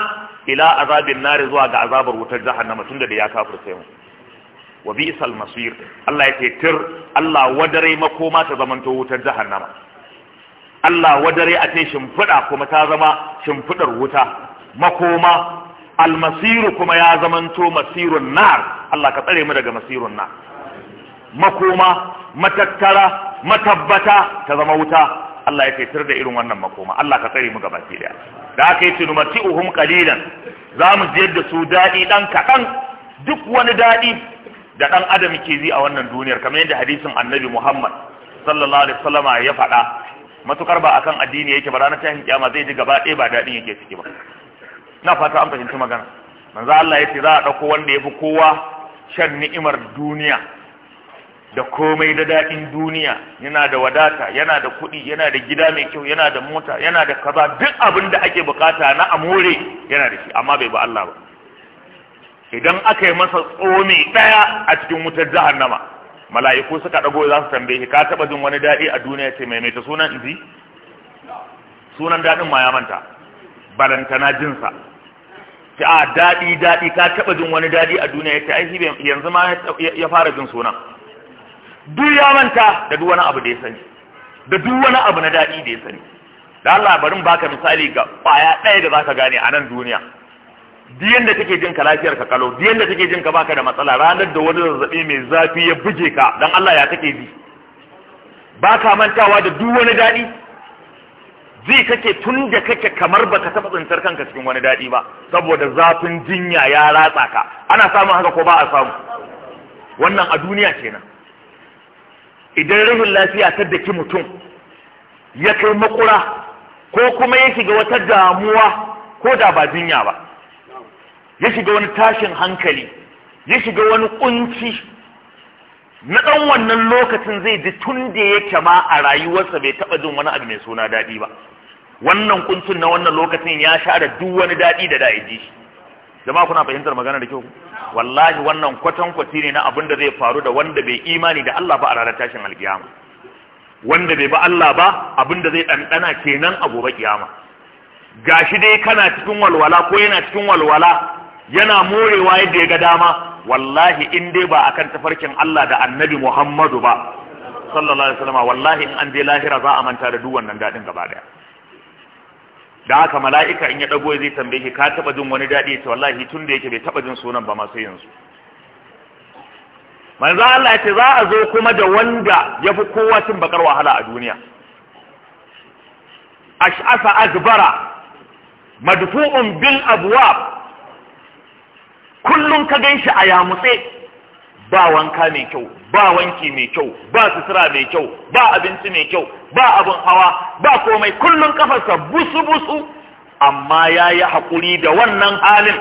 ila azabin nari zuwa ga azabar wutar jahannama tunda da ya kafirce mu wa bi'sal masir Allah ya ce tir Allah wadare makoma ta zamanto wutar jahannama Allah wadare a ce shimfiɗa kuma ta zama shimfiɗar wuta makoma almasiru kuma ya zamanto masirun nar Allah ka tsare mu daga masirun nar makoma matattara matabbata ta zama wuta Allah ya kaitar da irin wannan makoma Allah ka tsare mu gabaki daya da aka yi tunumati uhum qalilan za mu jiyar da su daɗi ɗan kaɗan duk wani daɗi da ɗan adam ke zi a wannan duniyar kamar yadda hadisin annabi muhammad sallallahu alaihi wasallam ya faɗa matukar ba akan addini yake ba ranar tashin kiyama zai ji gaba ɗaya ba daɗin yake ciki ba na fata an fahimci magana manzo Allah yace za a ɗauko wanda yafi kowa shan ni'imar duniya da komai da daɗin duniya yana da wadata yana da kuɗi yana da gida mai kyau yana da mota yana da kaza duk abin da ake bukata na amore yana da shi amma bai bi Allah ba idan aka yi masa tsomi ɗaya a cikin wutar jahannama mala'iku suka ɗago za su tambaye ka taɓa jin wani daɗi a duniya ce mai sunan inji sunan daɗin ma ya manta balantana jinsa ta a daɗi daɗi ka taɓa jin wani daɗi a duniya ya ce ai yanzu ma ya fara jin sunan duk ya manta da duk wani abu da ya sani da duk wani abu na daɗi da ya sani da Allah barin baka misali ga ƙwaya ɗaya da zaka gane a nan duniya diyan da take jin ka lafiyar ka kalau diyan da take jin ka baka da matsala ranar da wani zazzabi mai zafi ya buge ka dan Allah ya kake bi baka mantawa da duk wani dadi zai kake tun da kake kamar baka taba tsintar kanka cikin wani dadi ba saboda zafin jinya ya ratsa ka ana samun haka ko ba a samu wannan a duniya kenan idan rahin lafiya ta daki mutum ya kai makura ko kuma ya shiga wata damuwa ko da ba jinya ba ya shiga wani tashin hankali ya shiga wani kunci na ɗan wannan lokacin zai ji tun da yake ma a rayuwarsa bai taɓa jin wani abu mai suna daɗi ba wannan kuncin na wannan lokacin ya share duk wani daɗi da da ya ji jama'a kuna fahimtar magana da kyau wallahi wannan kwatan kwati ne na abin da zai faru da wanda bai imani da Allah ba a ranar tashin alkiyama wanda bai ba Allah ba abin da zai ɗanɗana kenan a gobe kiyama gashi dai kana cikin walwala ko yana cikin walwala yana morewa yadda ya ga dama wallahi in dai ba akan tafarkin Allah da annabi Muhammadu ba sallallahu alaihi wasallam wallahi in an je lahira za a manta da duk wannan dadin gaba daya da haka mala'ika in ya dago zai tambaye ki ka taba jin wani dadi ce wallahi tun da yake bai taba jin sunan ba ma sai yanzu manzo Allah ya ce za a zo kuma da wanda ya fi kowa cin bakar wahala a duniya ash'afa azbara madfu'un bil abwab kullum ka gan shi a yamutse ba wanka mai kyau ba wanki mai kyau ba sutura mai kyau ba abinci mai kyau ba abin hawa ba komai kullum kafarsa busu busu amma ya yi haƙuri da wannan halin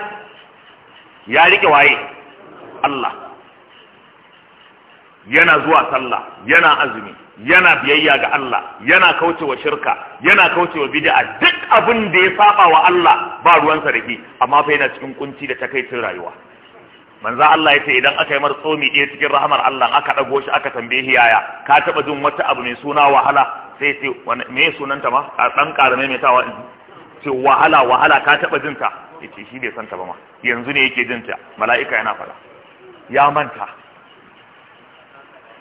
ya riƙe waye Allah yana zuwa sallah yana azumi yana biyayya ga Allah yana kaucewa shirka yana kaucewa bid'a duk abin da ya saba wa Allah ba ruwansa da shi amma fa yana cikin kunci da takaitin rayuwa manzo Allah ya ce idan aka yi martsomi ɗaya cikin rahamar Allah aka dago shi aka tambaye yaya ka taɓa jin wata abu mai suna wahala sai ce me sunanta ma a ɗan ƙara tawa ce wahala wahala ka taɓa jin ta yace shi bai santa ba ma yanzu ne yake jin ta mala'ika yana faɗa ya manta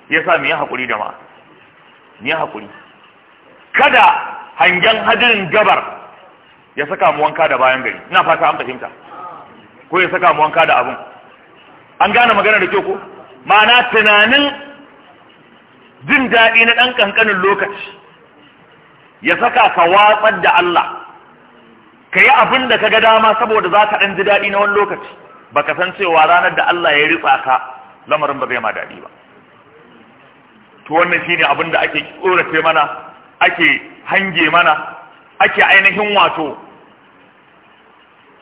ya sa mu yi haƙuri da ma ni hakuri kada hangen hadirin gabar ya saka mu wanka da bayan gari ina fata an fahimta ko ya saka mu wanka da abun an gane magana da kyau ko ma'ana tunanin jin daɗi na ɗan ƙanƙanin lokaci ya saka ka watsar da Allah ka yi abin da ka ga dama saboda za ka ɗan ji daɗi na wani lokaci ba ka san cewa ranar da Allah ya ritsa ka lamarin ba zai ma daɗi ba to wannan shine abin da ake tsorace mana ake hange mana ake ainihin wato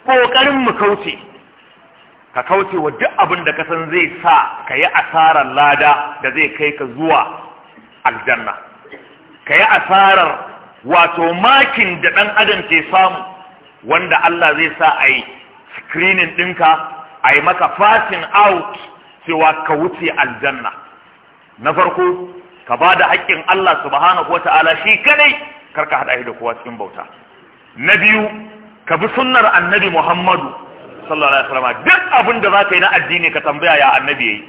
kokarin mu kauce ka kauce wa duk abin da ka san zai sa ka yi asarar lada da zai kai ka zuwa aljanna ka yi asarar wato makin da ɗan adam ke samu wanda Allah zai sa a yi screening ɗinka a yi maka fasting out cewa ka wuce aljanna na farko ka ba da haƙƙin Allah subhanahu wa ta'ala shi kadai karka haɗa shi da kowa cikin bauta na biyu ka bi sunnar annabi Muhammadu sallallahu alaihi wasallam duk abin da zaka yi na addini ka tambaya ya annabi yi.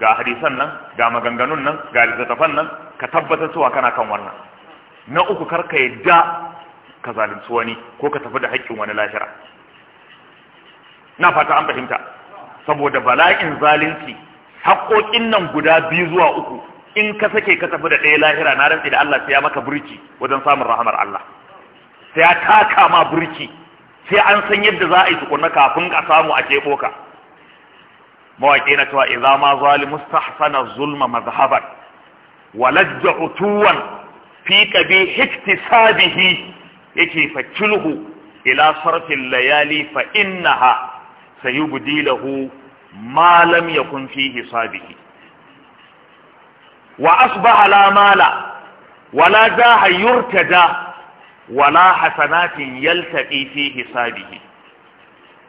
ga hadisan nan ga maganganun nan ga littattafan nan ka tabbatar cewa kana kan wannan na uku karka yadda ka zalunci wani ko ka tafi da haƙƙin wani lahira na fata an fahimta saboda bala'in zalunci haƙoƙin nan guda biyu zuwa uku in ka sake ka tafi da ɗaya lahira na rantsi da Allah sai ya maka burki wajen samun rahamar Allah sai ya taka ma burki sai an san yadda za a yi tukunna kafin ka samu a keɓo ka mawaƙi na cewa idza ma zalimu stahsana zulma mazhaban walajja utuwan fi qabi hiktisabihi yake fakilhu ila sarfin layali fa innaha sayubdilahu ma lam yakun fi hisabihi wa asbaha la mala wala daha yurtada wala hasanatin yaltaqi fi hisabihi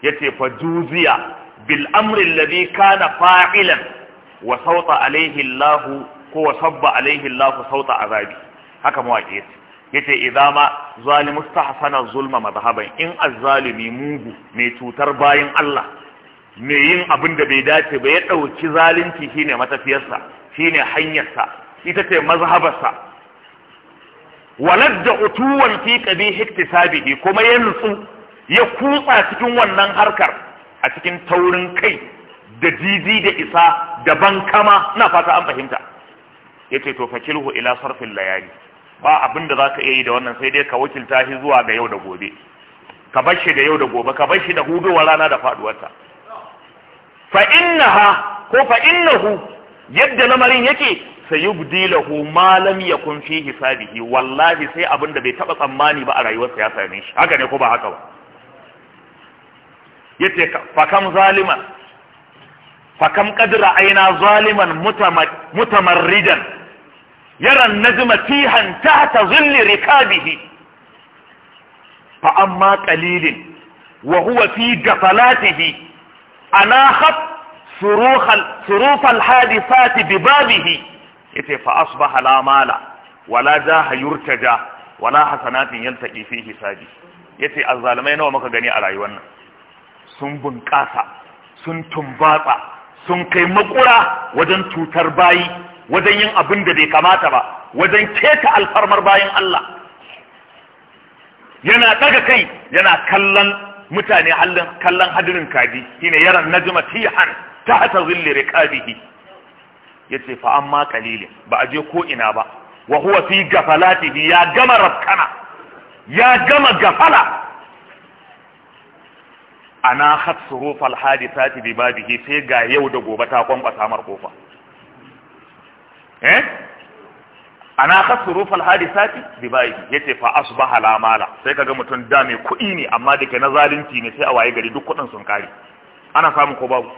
yace fa juziya bil amri alladhi kana fa'ilan wa sawta alayhi Allah ko wa sabba alayhi Allah sawta azabi haka mawaki yace yace idza ma zalimu stahsana zulma madhaban in azzalimi mugu mai cutar bayin Allah mai yin abin da bai dace ba ya ɗauki zalunci shine matafiyarsa shine hanyarsa ita ce mazhabarsa walad da utuwan fi qabih iktisabihi kuma ya nutsu ya kutsa cikin wannan harkar a cikin taurin kai da jiji da isa da bankama na fata an fahimta yace to fakilhu ila sarfin layali ba abin da zaka iya yi da wannan sai dai ka wakilta shi zuwa ga yau da gobe ka bar shi da yau da gobe ka bar shi da hudowa rana da faduwarta fa'innaha ko fainnahu yadda lamarin yake sayubdi lahu ma ya yakun fi hisabihi wallahi sai abin da bai taɓa tsammani ba a rayuwarsa ya same shi haka ne ko ba haka ba yace fa kam zaliman fa kam aina zaliman mutamarridan yaran an-najma ta tahta zilli rikabihi fa amma qalilin wa huwa fi gafalatihi anaqat suruhal surufal hadisati bi babihi yace fa asbaha la mala wala jaha yurtaja wala hasanatin yaltaqi hisabi yace azzalimai nawa muka gani a rayuwar nan sun bunƙasa sun tumbatsa sun kai makura wajen cutar bayi wajen yin abin da bai kamata ba wajen keta alfarmar bayan Allah yana daga kai yana kallon mutane kallon hadirin kaji shine yaran najma tihan tahta zilli riqabihi yace fa amma qalilin ba a je ko ina ba wa huwa fi gafalatihi ya gama rafkana ya gama gafala ana khat surufal hadithati bi babihi sai ga yau da gobe ta kwankwasa samar kofa eh ana kasu rufar hadisati bi ya yace fa asu la mala sai kaga mutum da mai kuɗi ne amma da ke na zalunci ne sai a waye gari duk kuɗin sun kare ana samu ko babu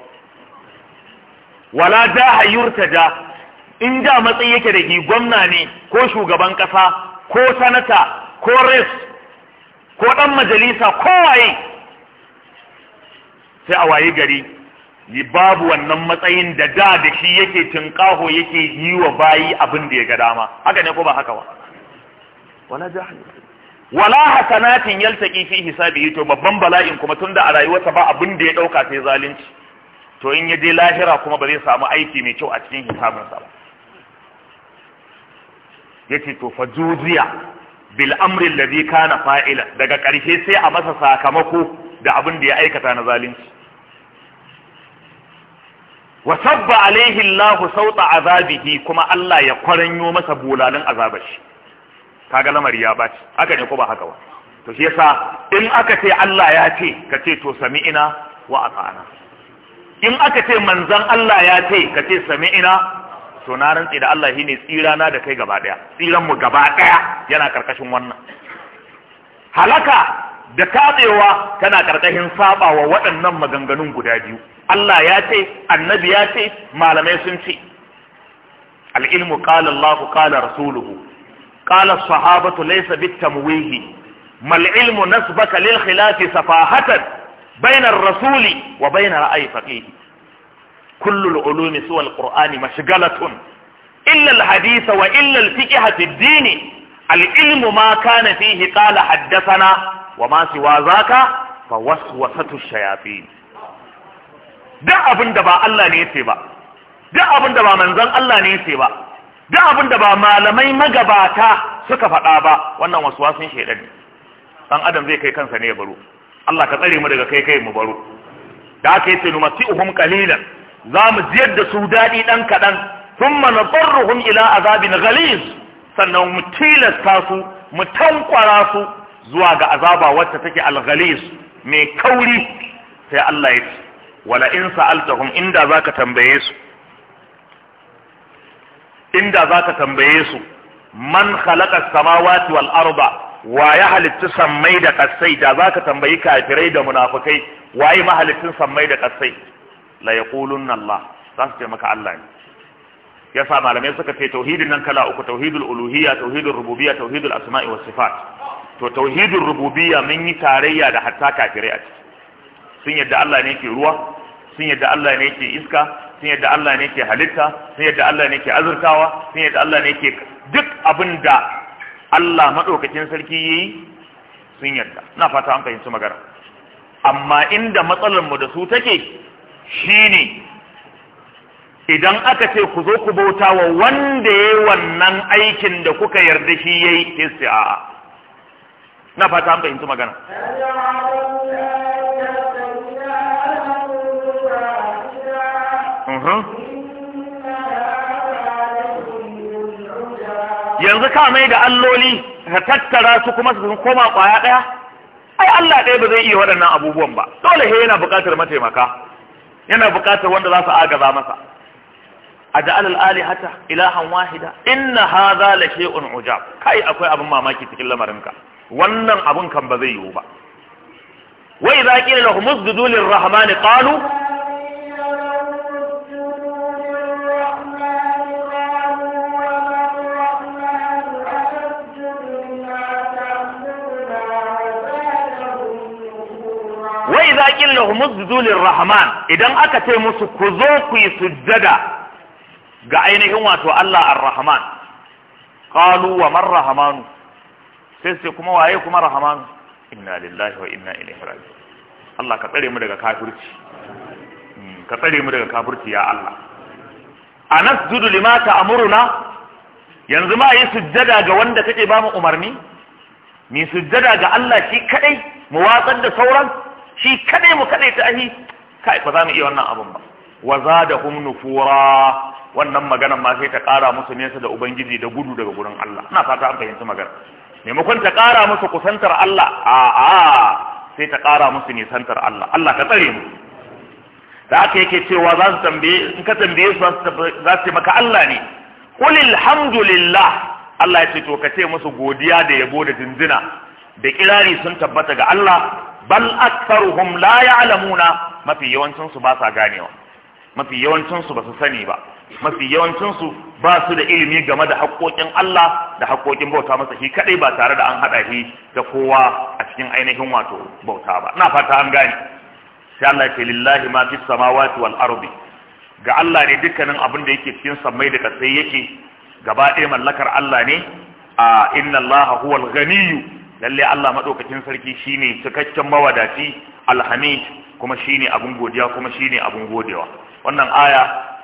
wala jaha ja in ja matsayi yake da gwamna ne ko shugaban kasa ko sanata ko res ko ɗan majalisa ko waye sai a waye gari babu wannan matsayin da da da shi yake tinkaho yake yi wa bayi abin da ya ga dama haka ne ko ba haka ba wala jahil wala hasanatin yaltaqi fi hisabi? to babban bala'in kuma tunda a rayuwarsa ba abin da ya ɗauka sai zalunci to in ya je lahira kuma ba zai samu aiki mai kyau a cikin hisabinsa ba yace to fa juziya bil amri alladhi kana fa'ila daga karshe sai a masa sakamako da abin da ya aikata na zalunci wa sabba alaihi Allahu sauta azabihi kuma Allah ya kwaranyo masa bulalan azabashi. kaga lamari ya baci haka ne ko ba haka ba to shi yasa in aka ce Allah ya ce ka ce to sami'ina wa ata'ana in aka ce manzon Allah ya ce ka ce sami'ina to na rantsi da Allah shine tsirana da kai gaba daya tsiran mu gaba daya yana karkashin wannan halaka da katsewa tana karkashin sabawa waɗannan maganganun guda biyu Allah ya ce annabi ya ce malamai sun ce al-ilmu qala Allah qala rasuluhu qala sahabatu laysa bit-tamwihi mal ilmu nasbaka lil khilafi safahatan bainar rasuli wa bainar ra'yi faqihi kullu al-ulumi suwa al-qur'ani mashghalatun illa al-hadith wa illa al-fiqh al'ilmu ad-din al-ilmu ma kana fihi qala haddathana wa ma siwa zaka fa waswasatu ash-shayatin duk abin da ba Allah ne yace ba duk abin da ba manzon Allah ne yace ba duk abin da ba malamai magabata suka faɗa ba wannan waswasin shedani dan adam zai kai kansa ne ya baro Allah ka tsare mu daga kai kai mu baro da aka yace numati'uhum qalilan zamu ziyar da su dadi dan kadan thumma nadarruhum ila azabin ghaliz sannan mu tilasta su mu tankwara su zuwa ga azaba wacce take al-ghaliz mai kauri sai Allah ya ce wala in sa'altahum inda zaka tambaye su inda zaka tambaye su man khalaqa samawati wal arda wa ya halitta sammai da kasai da zaka tambayi kafirai da munafikai waye mahalittin sammai da kasai la yaqulunna Allah za su ce maka Allah ne yasa malamai suka ce tauhidin nan kala uku tauhidul uluhiyya tauhidul rububiyya tauhidul asma'i was sifat to tauhidul rububiyya mun yi tarayya da hatta kafirai a ciki sun yadda Allah ne ke ruwa sun yadda Allah ne ke iska sun yadda Allah ne ke halitta sun yadda Allah ne ke azurtawa sun yadda Allah ne ke duk abin da Allah maɗaukacin sarki yayi sun yadda na fata an fahimci magana amma inda matsalar mu da su take shine idan aka ce ku zo ku bauta wa wanda ya yi wannan aikin da kuka yarda shi ya yi sai a'a na fata an fahimci magana yanzu ka mai da alloli ka tattara su kuma su koma kwaya ɗaya ai Allah ɗaya ba zai iya waɗannan abubuwan ba dole he yana buƙatar mataimaka yana buƙatar wanda za su agaza masa a da alal hata ilahan wahida inna hadha la shay'un ujab kai akwai abin mamaki cikin lamarinka wannan abun kan ba zai yiwu ba wa idza qila lahum usjudu lirrahmani qalu in lahum zuzulir rahman idan aka ce musu ku zo ku yi sujjada ga ainihin wato Allah ar-rahman qalu wa man rahmanu sai sai kuma waye kuma rahmanu inna lillahi wa inna ilaihi raji'un Allah ka tsare mu daga kafirci hmm, ka tsare mu daga kafirci ya Allah anasjudu lima ta'muruna yanzu ma yi sujjada ga wanda kake ba mu umarni mi sujjada ga Allah shi kadai mu watsar da sauran shi kadai mu kadai ta ahi kai ba za mu iya wannan abin ba wa hum nufura wannan magana ma sai ta kara musu nesa da ubangiji da gudu daga gurin Allah ina fata an fahimci magana maimakon ta kara musu kusantar Allah a a sai ta kara musu nisantar Allah Allah ka tsare mu da aka yake cewa za su tambaye in ka tambaye su za su ce maka Allah ne qul alhamdulillah Allah ya ce to ka ce musu godiya da yabo da dinzina da kirari sun tabbata ga Allah bal aktharuhum la ya'lamuna mafi yawancin su ba sa ganewa mafi yawancin su ba su sani ba mafi yawancin su ba su da ilimi game da haƙƙoƙin Allah da haƙƙoƙin bauta masa shi kadai ba tare da an hada shi da kowa a cikin ainihin wato bauta ba ina fata an gane sai Allah ya ce lillahi ma fis samawati wal ardi ga Allah ne dukkanin abin da yake cikin sammai da kasai yake gaba ɗaya mallakar Allah ne a inna Allah huwal ganiyyu lalle Allah madaukakin sarki shine cikakken mawadaci alhamid kuma shine abun godiya kuma shine abun godewa wannan aya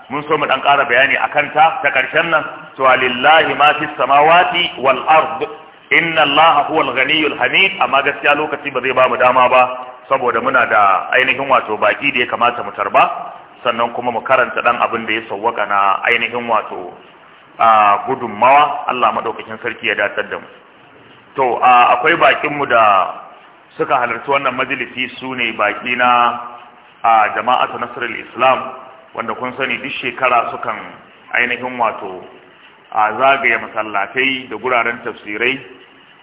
mun so mu dan ƙara bayani akan ta ta ƙarshen nan to alillahi ma fis samawati wal ard inna allaha huwal ghaniyyul hamid amma gaskiya lokaci ba zai ba mu dama ba saboda muna da ainihin wato baki da ya kamata mu tarba sannan kuma mu karanta dan abin da ya sawwaka na ainihin wato a ah, gudunmawa Allah madaukakin sarki ya datar da mu to akwai bakinmu da suka halarci wannan majalisi su ne baki na a jama'atu nasarar islam wanda kun sani duk shekara sukan ainihin wato a zagaye masallatai da guraren tafsirai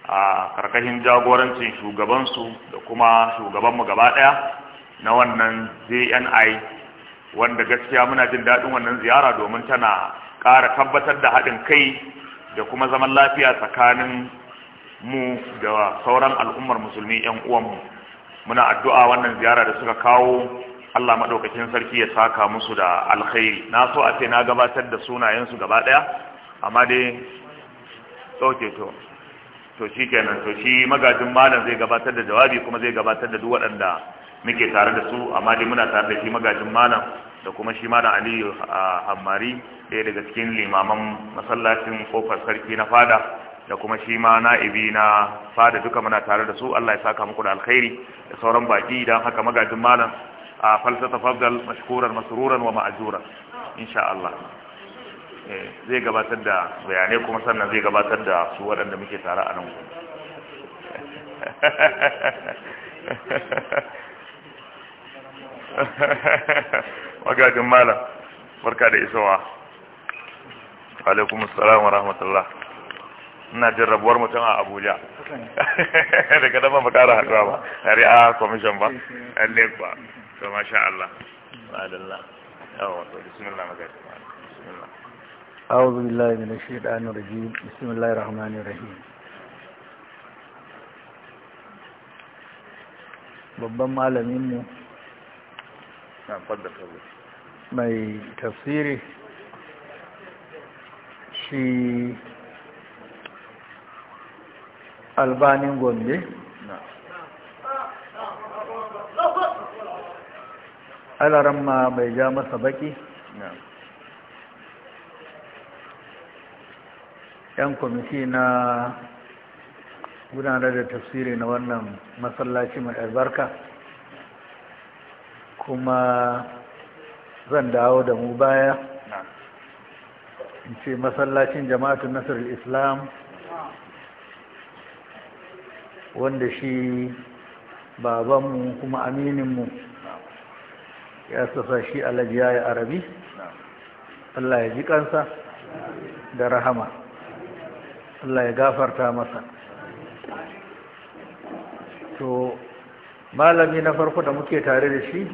a karkashin jagorancin shugabansu da kuma shugabanmu gaba daya na wannan jni wanda gaskiya muna jin daɗin wannan ziyara domin tana ƙara tabbatar da haɗin kai da kuma zaman lafiya tsakanin mu da sauran al'ummar musulmi yan uwanmu muna addu'a wannan ziyara da suka kawo Allah madaukakin sarki ya saka musu da alkhairi na so a ce na gabatar da sunayen su gaba daya amma dai sauke to to shi kenan. to shi magajin malam zai gabatar da jawabi kuma zai gabatar da duk waɗanda muke tare da su amma dai muna tare da shi magajin malam da kuma shi malam Aliyu ah, Hammari ɗaya daga cikin limaman masallacin kofar sarki na fada da kuma shi ma na'ibi na sada duka muna tare da su Allah ya saka muku da alkhairi da sauran baki idan haka magajin malam a falsafa fadal mashkuran masruran wa ma'juran insha Allah eh, zai gabatar da bayanai kuma sannan zai gabatar da su waɗanda muke tare a nan magajin malam barka da isowa alaikumussalam wa rahmatullah ina jin rabuwar mutum a abuja daga dama ba kara haɗuwa ba a commission ba a ba to masha Allah ma'adallah yawon to bismillah magana bismillah mai tafsiri shi albanin gombe alaran ma bai ja masa baki yan kwamiti na gudanar da tafsiri na wannan masallaci mai albarka kuma zan dawo da mu baya in ce masallacin jama'atun nasarar islam wanda shi babanmu kuma amininmu ya sassa shi alhaji ya yi arabi Allah ya ji kansa da rahama Allah ya gafarta masa to malami na farko da muke tare da shi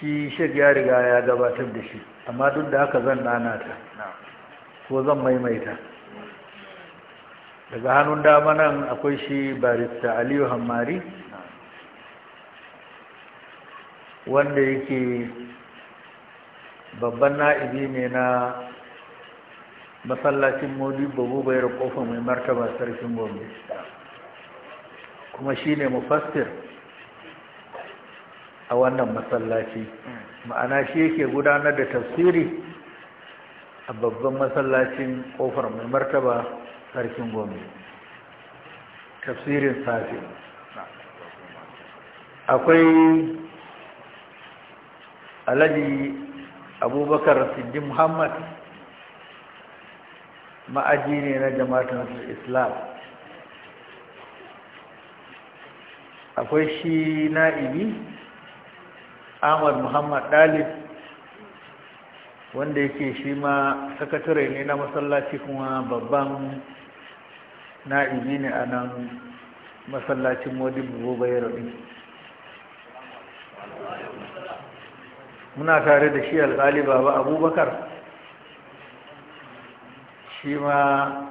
shi shek ya riga ya gabatar da shi amma duk da haka zan nanata ko zan maimaita daga hannun dama nan akwai shi barista aliyu Hamari, wanda yake babban na'ibi ne na masallacin modi babu bayar kofa mai martaba sarkin gombe kuma shi ne mafastir a wannan masallaci ma'ana shi yake gudanar da tafsiri a babban masallacin kofar mai martaba sarkin gome tafsirin safi akwai alaji abubakar siddi muhammad ma'aji ne na jama'atar islam akwai shi na'ibi ahmad muhammad dalib wanda yake shi ma sakatare ne na masallaci kuma babban na'ibi ne a nan masallacin modin gobayar ɗin muna tare da shi alƙali baba abubakar shi ma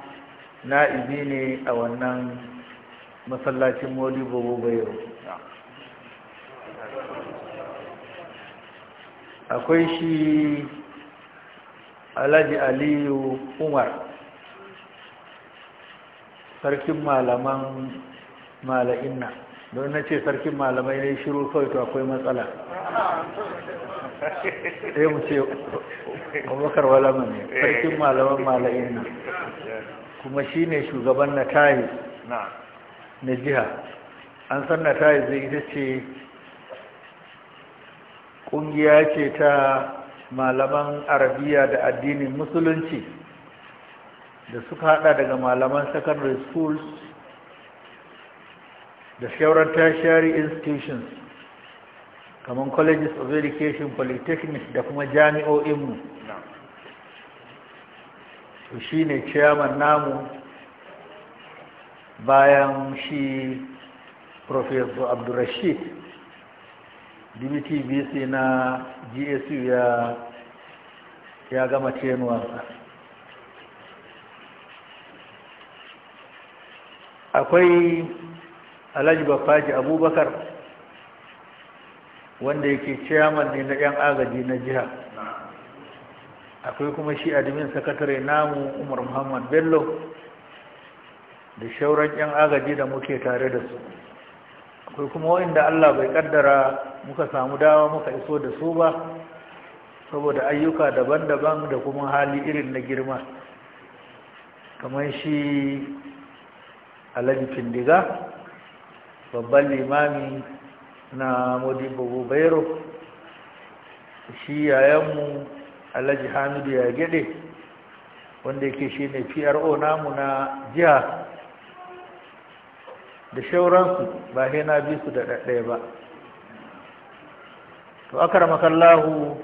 na'ibi ne a wannan masallacin modin gobayar akwai shi alhaji aliyu umar sarkin malaman mala'inna don na ce sarkin malamai ne shiru kawai to akwai matsala sai mu ce abubakar walama ne sarkin malaman mala'inna kuma shi ne shugaban na tayi na jiha an san na tayi zai ita ce ƙungiya ce ta malaman arabiya da addinin musulunci da suka hada daga malaman secondary schools da shauran tertiary institutions kamar colleges of education polytechnic da kuma jami'o'inmu to shi ne chairman namu bayan shi professor abdurashid dbt na gsu ya ya gama tenuwarsa akwai alhaji bafaji abubakar wanda yake ciyaman ne na 'yan agaji na jiha akwai kuma shi admin sakatare namu umar muhammad bello da shauran 'yan agaji da muke tare da su akwai kuma wanda Allah bai kaddara muka samu dawa muka iso da su ba saboda ayyuka daban-daban da kuma hali irin na girma kamar shi alhaji findiga babban limami na modibo bubairo shi yayanmu alhaji hamidu ya gede wanda yake shi ne pro namu na jiha da shauransu ba sai na bi su da ɗaya ba to akarmakallahu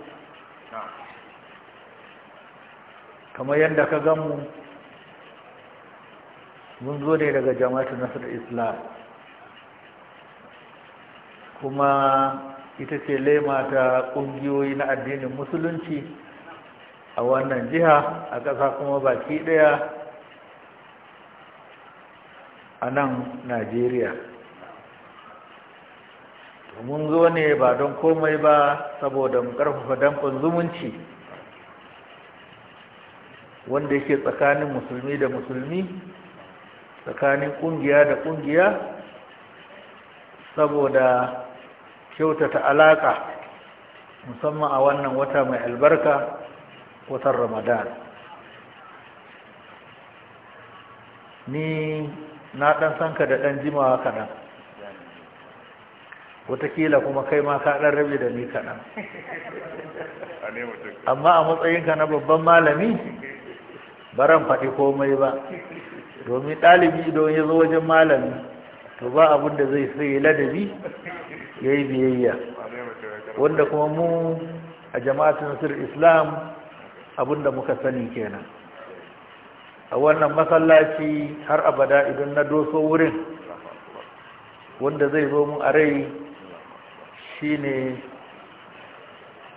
kamar yadda ka gan mu, mun zo ne daga jama'atu nasar islam kuma ita ce lema ta ƙungiyoyi na addinin musulunci a wannan jiha a ƙasa kuma baki ɗaya a nan najeriya mun zo ne ba don komai ba saboda mu karfafa dankon zumunci wanda yake tsakanin musulmi da musulmi tsakanin kungiya da ƙungiya, saboda kyautata alaƙa musamman a wannan wata mai albarka watan ramadan ni na ɗan sanka da ɗan jimawa kaɗan watakila kuma kai ma ka ɗan rabe da ni kaɗan amma a matsayinka na babban malami baran faɗi komai ba domin ɗalibi don ya zo wajen malami to ba abin da zai sai ladabi ya yi biyayya wanda kuma mu a jama'atun sir islam abin da muka sani kenan a wannan masallaci har abada idan na doso wurin wanda zai zo mun a rai shi ne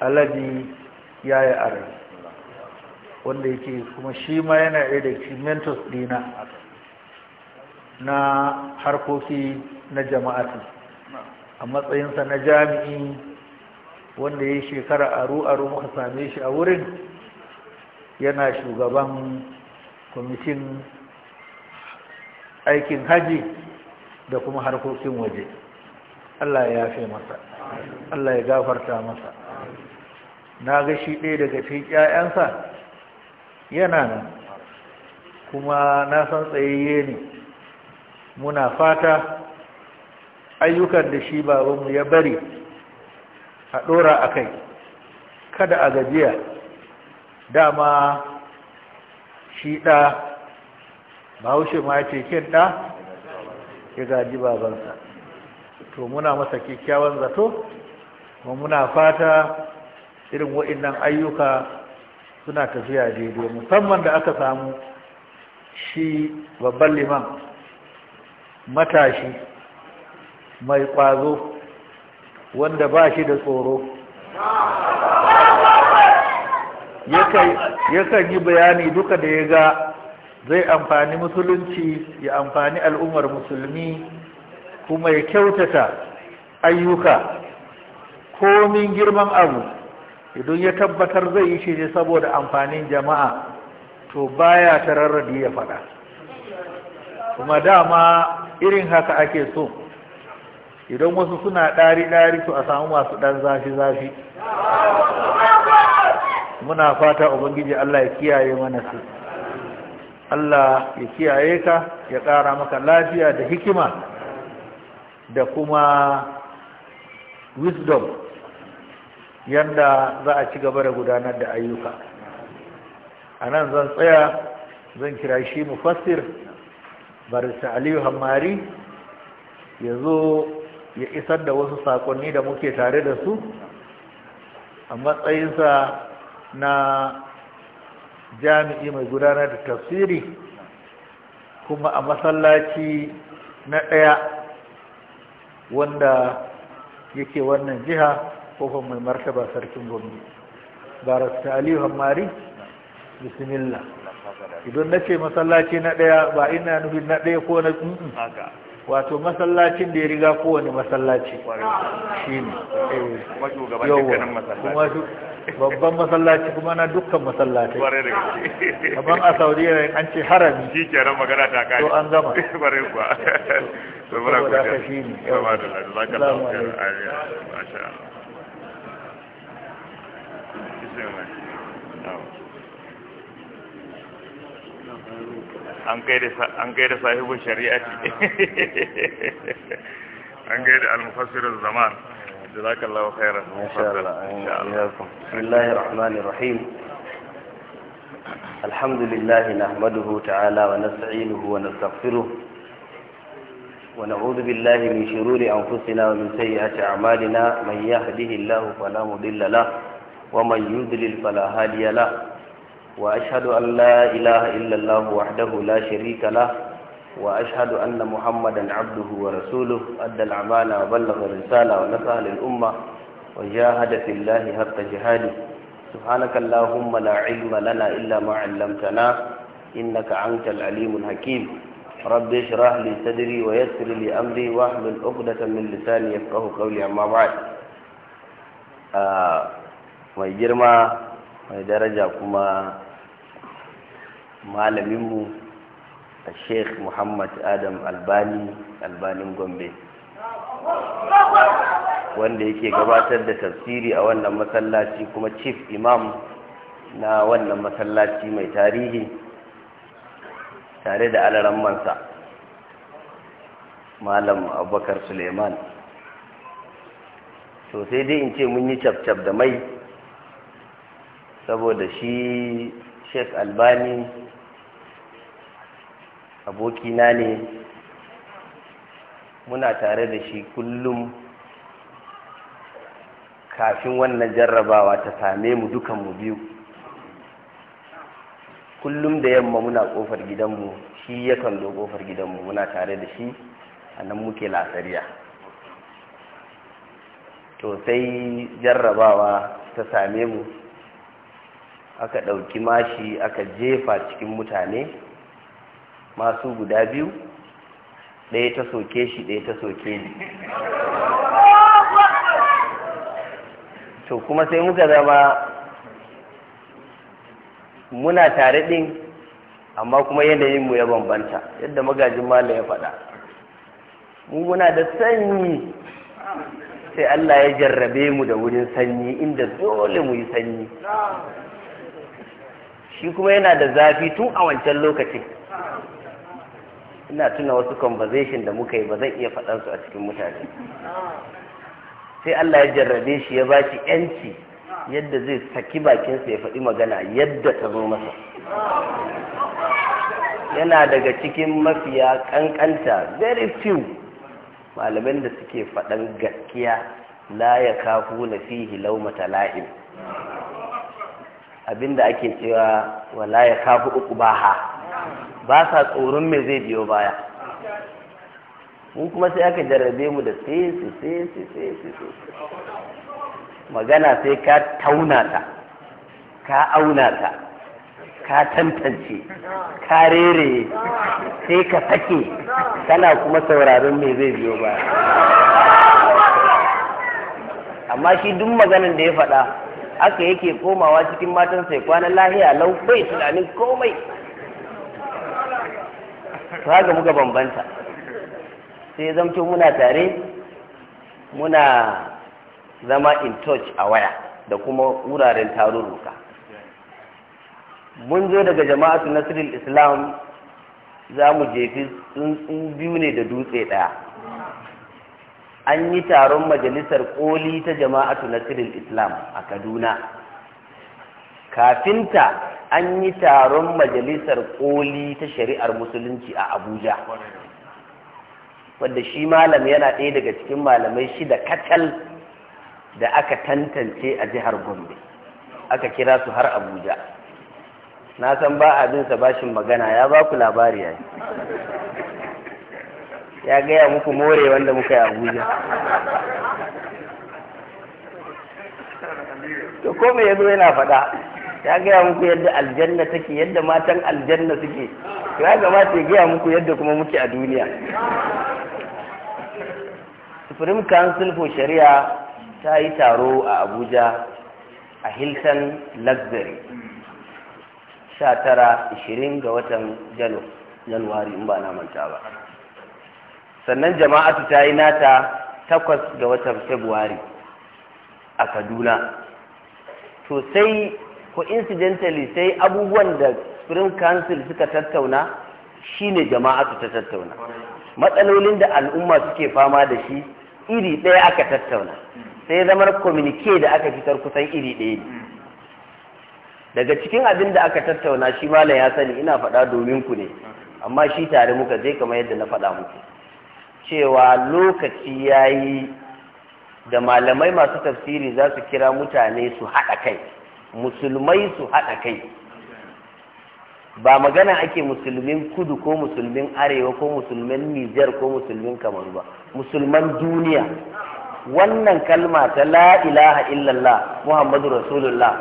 aladi ya yi a rai wanda yake kuma shi ma yana ɗaya da cimentos dina na harkoki na jama'atu a matsayinsa na jami'i wanda ya yi shekara aru-aru muka same shi a wurin yana shugaban kwamitin aikin haji da kuma harkokin waje Allah ya yafe masa Allah ya gafarta masa na ga shi ɗaya daga cikin ƴaƴansa yana nan kuma na san tsayayye ne muna fata ayyukan da shi babanmu ya bari a ɗora a kai kada a gajiya dama shi ɗa bahaushe ma ce ken ɗa ya gaji babansa to muna masa kyakkyawan zato kuma muna fata irin waɗannan ayyuka suna tafiya daidai musamman da aka samu shi babban liman matashi mai ƙwazo wanda ba shi da tsoro yakan yi bayani duka da ya ga zai amfani musulunci ya amfani al'ummar musulmi kuma ya kyautata ayyuka komin girman abu idan ya tabbatar zai yi shi ne saboda amfanin jama'a to baya tararradi ya faɗa kuma dama irin haka ake so idan wasu suna ɗari-ɗari to a samu masu ɗan zafi-zafi muna fata ubangiji Allah ya kiyaye mana su Allah ya kiyaye ka ya ƙara maka lafiya da hikima da kuma wisdom yadda za a ci gaba da gudanar da ayyuka a nan zan tsaya zan kira shi mufassir Barisa aliyu Hamari ya zo ya isar da wasu sakonni da muke tare da su a matsayinsa na jami'i mai gudanar da tafsiri kuma a masallaci na ɗaya wanda yake wannan jiha kofar mai martaba sarkin gombe barasta aliyu hamari bismillah idan na ce masallaci na ɗaya ba ina nufin na ɗaya ko na ɗin wato masallacin da ya riga kowane masallaci shi ne kuma babban masallaci kuma na dukkan masallaci bare da masallatai kamar a saudiya ne an ce harami shi ke ran magana ta kai to an gama bare kuwa to bara ku da shi ne yawa da zakallahu amin masha Allah an kai da an kai da sahibin shari'a an kai da al-mufassir zaman جزاك الله خيرا إن شاء الله إياكم بسم الله الرحمن الرحيم الحمد لله نحمده تعالى ونستعينه ونستغفره ونعوذ بالله من شرور أنفسنا ومن سيئات أعمالنا من يهده الله فلا مضل له ومن يضلل فلا هادي له وأشهد أن لا إله إلا الله وحده لا شريك له وأشهد أن محمدا عبده ورسوله أدى الأمانة وبلغ الرسالة ونفع للأمة وجاهد في الله حق جهاده سبحانك اللهم لا علم لنا إلا ما علمتنا إنك أنت العليم الحكيم رب اشرح لي صدري ويسر لي أمري واحلل عقدة من لساني يفقه قولي أما بعد mai girma mai daraja kuma malaminmu sheikh muhammad adam الباني الباني gombe wanda yake gabatar da tafsiri a wannan masallaci kuma chief imam na wannan masallaci mai tarihi tare da alarammansa malam abubakar suleiman to sai dai in ce mun yi cap da mai saboda shi sheikh albani abokina ne muna tare da shi kullum kafin wannan jarrabawa ta same mu dukan mu biyu kullum da yamma muna kofar gidanmu shi yakan zo kofar mu muna tare da shi a nan muke lasariya to sai jarrabawa ta same mu aka ɗauki mashi aka jefa cikin mutane masu guda biyu ɗaya ta soke shi ɗaya ta soke ni to kuma sai muka zama muna tare ɗin amma kuma yanayin mu ya bambanta yadda magajin mala ya faɗa mu muna da sanyi sai Allah ya jarrabe mu da wurin sanyi inda dole mu yi sanyi shi kuma yana da zafi tun a wancan lokacin ina tuna wasu conversation da muka yi ba zan iya faɗan su a cikin mutane sai Allah ya jarrabe shi ya ba shi yanci yadda zai saki bakinsa ya faɗi magana yadda ta zo masa yana daga cikin mafiya kankanta very few malamin da suke faɗan gaskiya la ya kafu na fihi laumata la'im abinda ake cewa wa la ya kafu uku baha ba sa tsoron mai zai biyo baya mu kuma sai aka jarrabe mu da sai su sai magana sai ka tauna ta ka auna ta ka tantance ka rere sai ka sake kana kuma sauraron me zai biyo baya amma shi duk maganin da ya faɗa aka yake komawa cikin matansa ya kwana lahiya lau bai tunanin komai to haka muka bambanta sai zamto muna tare muna zama in touch a waya da kuma wuraren tarurruka mun zo daga jama'atu sirrin islam za mu jefi tsuntsun biyu ne da dutse ɗaya an yi taron majalisar koli ta jama'atu sirrin islam a kaduna kafinta an yi taron majalisar koli ta shari'ar musulunci a abuja wadda shi malam yana ɗaya daga cikin malamai shida kacal da aka tantance a jihar gombe aka kira su har abuja na san ba abinsa bashin magana ya ba ku labari ya ya gaya muku more wanda muka yi abuja to kome ya zo yana faɗa ya gaya muku yadda aljanna take yadda matan aljanna suke ya gamata ya gaya muku yadda kuma muke a duniya supreme council for shari'a ta yi taro a abuja a hilton luxury 19-20 ga watan januwari in ba na manta ba sannan jama'atu ta yi nata takwas ga watan february a kaduna to sai coincidentally sai abubuwan da spring council suka tattauna shine su ta tattauna matsalolin da al'umma suke fama da shi iri ɗaya aka tattauna sai zamar communique da aka fitar kusan iri ɗaya daga cikin abin da aka tattauna shi malam ya sani ina faɗa domin ku ne amma shi tare muka je kama yadda na faɗa muku cewa lokaci ya yi da malamai masu tafsiri za su kira mutane su haɗa kai musulmai su haɗa kai ba magana ake musulmin kudu ko musulmin arewa ko musulmin nijar ko musulmin kamaru ba musulman duniya wannan kalma ta la ilaha illallah muhammadu rasulullah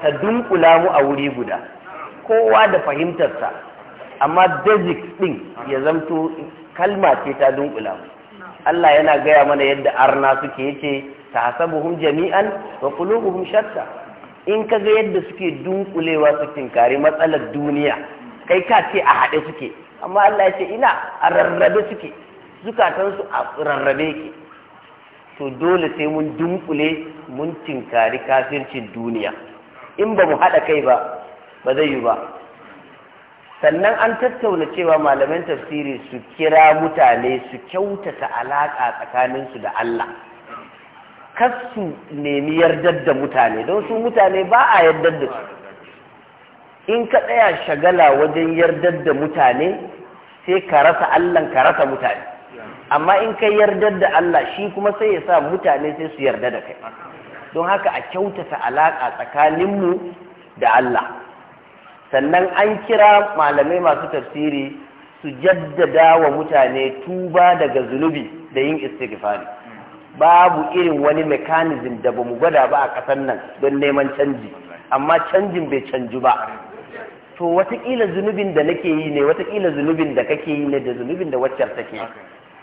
ta dunkula mu a wuri guda kowa da fahimtarsa amma dajik ɗin ya zamto kalma ce ta dunkula mu Allah yana gaya mana yadda arna suke yake ta hasabuhum jami'an wa qulubuhum shatta in ka ga yadda suke dunkulewa su tinkari matsalar duniya kai ka ce a haɗe suke amma Allah ya ce ina a rarrabe suke zukatansu a rarrabe ke to dole sai mun dunkule mun tinkari kafircin duniya in ba mu haɗa kai ba ba zai yi ba sannan an tattauna cewa malaman tafsiri su kira mutane su kyautata alaƙa tsakaninsu da Allah kasu nemi yardar da mutane don su mutane ba a yardar da su in ka tsaya shagala wajen yardar da mutane sai ka rasa allah ka rasa mutane amma in ka yardar da allah shi kuma sai ya sa mutane sai su yarda da kai don haka a kyautata alaƙa tsakaninmu da allah sannan an kira malamai masu tafsiri su jaddada wa mutane tuba daga zunubi da yin istighfari babu irin wani mekanizm da ba mu gwada ba a ƙasar nan don neman canji amma canjin bai canji ba to watakila zunubin da nake yi ne watakila zunubin da kake yi ne da zunubin da waccar take yi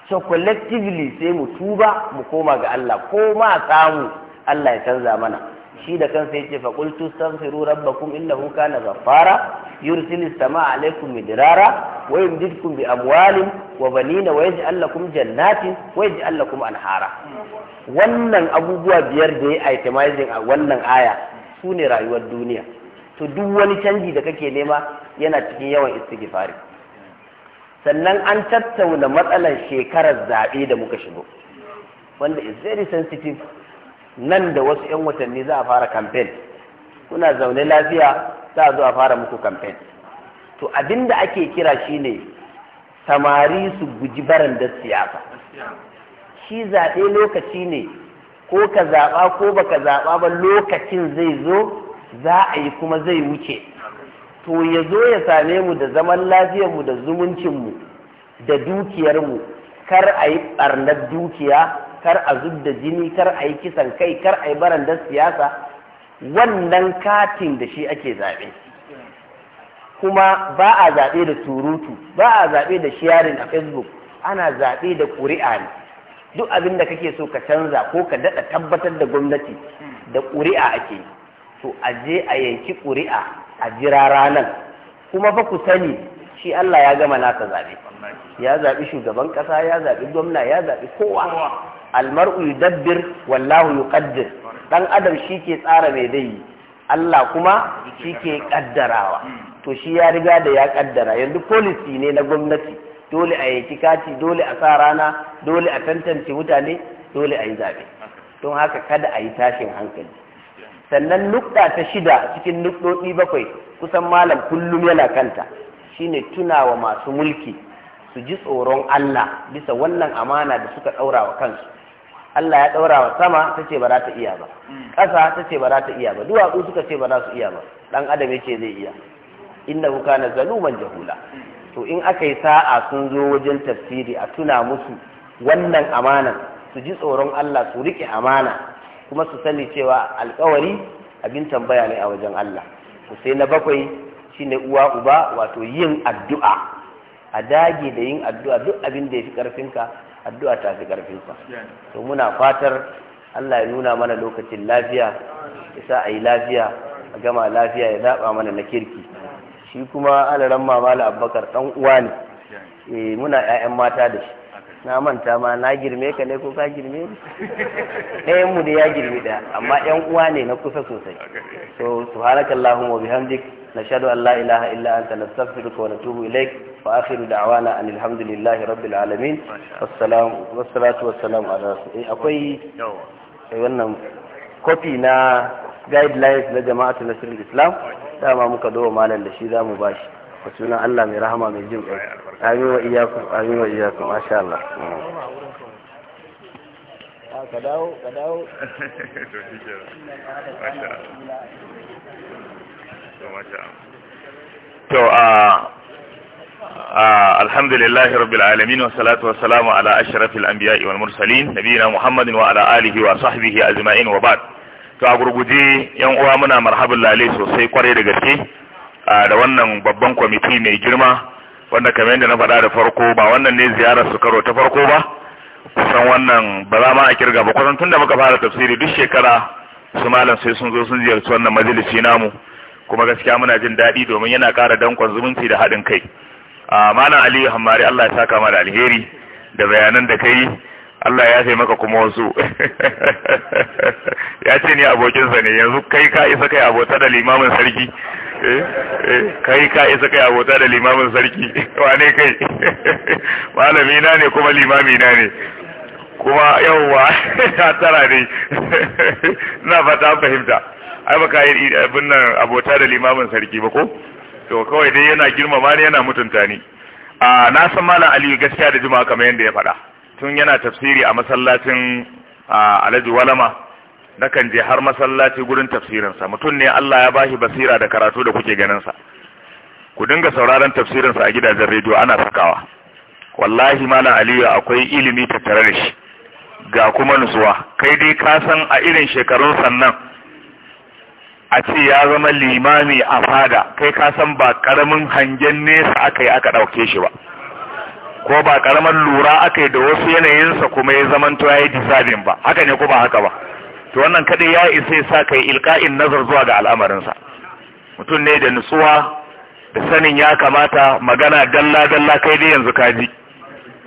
so collectively sai mu tuba mu koma ga Allah ko ma samu Allah ya canza mana shi da kansa yace fa qultu astaghfiru rabbakum innahu kana ghaffara yursilu samaa alaykum midrara wa yumdidkum bi amwalin wa banina wa yaj'al lakum jannatin wa yaj'al lakum anhara wannan abubuwa biyar da ya itemizing a wannan aya sune rayuwar duniya to duk wani canji da kake nema yana cikin yawan istighfari sannan an tattauna matsalar shekarar zaɓe da muka shigo wanda is very sensitive nan da wasu 'yan watanni za a fara kamfen kuna zaune lafiya za a zo a fara muku kamfen to abin da ake kira shine samari su guji barin da siyasa shi zaɓe lokaci ne ko ka zaɓa ko baka zaɓa ba lokacin zai zo za a yi kuma zai wuce to ya zo ya same mu da zaman lafiyarmu da zumuncinmu da dukiyarmu kar a yi ɓarnar dukiya kar a zub da jini kar a yi kisan kai kar a yi barandar siyasa wannan katin da shi ake zaɓe kuma ba a zaɓe da surutu ba a zaɓe da sharing a facebook ana zaɓe da ƙuri'a ne duk abin da kake so ka canza ko ka daɗa tabbatar da gwamnati da ƙuri'a ake yi to a je a yanki ƙuri'a a jira ranar kuma fa ku sani shi Allah ya gama nasa zaɓe ya zaɓi shugaban ƙasa ya zaɓi gwamna ya zaɓi kowa almar'u yudabbir wallahu yuqaddir dan adam shi ke tsara mai dai Allah kuma shi ke kaddarawa to shi ya riga da ya kaddara yanzu policy ne na gwamnati dole a yi kati dole a sa rana dole a tantance mutane dole a yi zabe don haka kada a yi tashin hankali sannan nukta ta shida cikin nukdodi bakwai kusan malam kullum yana kanta shine tunawa masu mulki su ji tsoron Allah bisa wannan amana da suka ɗaura wa kansu Allah ya ɗaura wa sama ta ce ba za ta iya ba mm. ƙasa ta ce ba za ta iya ba duwatsu suka ce ba za su iya ba ɗan adam yake ce zai iya inda kuka na zaluman jahula mm. to in aka yi sa'a sun zo wajen tafsiri a tuna musu wannan amanan su ji tsoron Allah su riƙe amana kuma su sani cewa alƙawari abin tambaya ne a wajen Allah to na bakwai shine uwa uba wato yin addu'a a dage da yin addu'a duk abin da ya fi ƙarfinka addu'a ta fi sa to muna fatar Allah ya nuna mana lokacin lafiya ya sa a lafiya a gama lafiya ya zaɓa mana na kirki shi kuma alaran mamala abubakar ɗan uwa ne eh, muna 'ya'yan mata da shi na manta ma na girme ka ne ko ka girme ni ɗayan mu da ya girme da amma ɗan uwa ne na kusa sosai so subhanakallahumma wa bihamdik nashhadu an la ilaha illa anta nastaghfiruka wa natubu ilaik wa akhiru da'wana anil hamdulillahi rabbil alamin wassalamu wassalatu wassalamu ala rasul eh, akwai eh, wannan kofi na guidelines na jama'atu nasrul islam dama muka dowa malam da shi zamu bashi wa sunan Allah mai rahama mai jin ƙai amin wa iyakum amin wa iyakum masha Allah ka dawo ka dawo to shi ke masha Allah to masha to a الحمد لله رب العالمين والصلاة والسلام على أشرف الأنبياء والمرسلين نبينا محمد وعلى آله وصحبه أجمعين وبعد to a gurguje yan uwa muna marhaban lalai sosai kwarai da gaske da wannan babban kwamiti mai girma wanda kamar yadda na faɗa da farko ba wannan ne ziyarar su karo ta farko ba kusan wannan ba za ma a kirga ba kusan tun da muka fara tafsiri duk shekara su malam sai sun zo sun ziyarci wannan majalisi namu kuma gaskiya muna jin daɗi domin yana ƙara danƙon zumunci da haɗin kai a ah, malam aliyu hammari allah ya saka da alheri da bayanan da kai Allah ya ce maka kuma wasu ya ce ni abokinsa ne yanzu kai ka isa kai abota da limamin sarki eh, eh, kai ka isa kai abota da limamin sarki wane kai malami na ne kuma limami na ne kuma yawwa ta tara ne na fata fahimta ai baka yi abin nan abota da limamin sarki ba ko to kawai dai yana girmama ne yana mutunta ni a ah, na san malam aliyu gaskiya da juma'a kamar yadda ya faɗa tun yana tafsiri a masallacin alhaji walama nakan je har masallaci gurin tafsirinsa mutum ne Allah ya bashi basira da karatu da kuke ganinsa ku dinga sauraron tafsirinsa a gidajen rediyo ana sakawa wallahi malam aliyu akwai ilimi tattare da shi ga kuma nutsuwa kai dai ka san a irin shekarun sannan a ce ya zama limami a fada kai ka san ba karamin hangen nesa aka yi aka ɗauke shi ba ko ba karamar lura aka yi da wasu yanayinsa kuma ya zamanto ya yi disabin ba haka ne ko ba haka ba to wannan kadai ya isa ya sa kai ilka'in nazar zuwa ga al'amarinsa mutum ne da nutsuwa da sanin ya kamata magana dalla dalla kai dai yanzu ka ji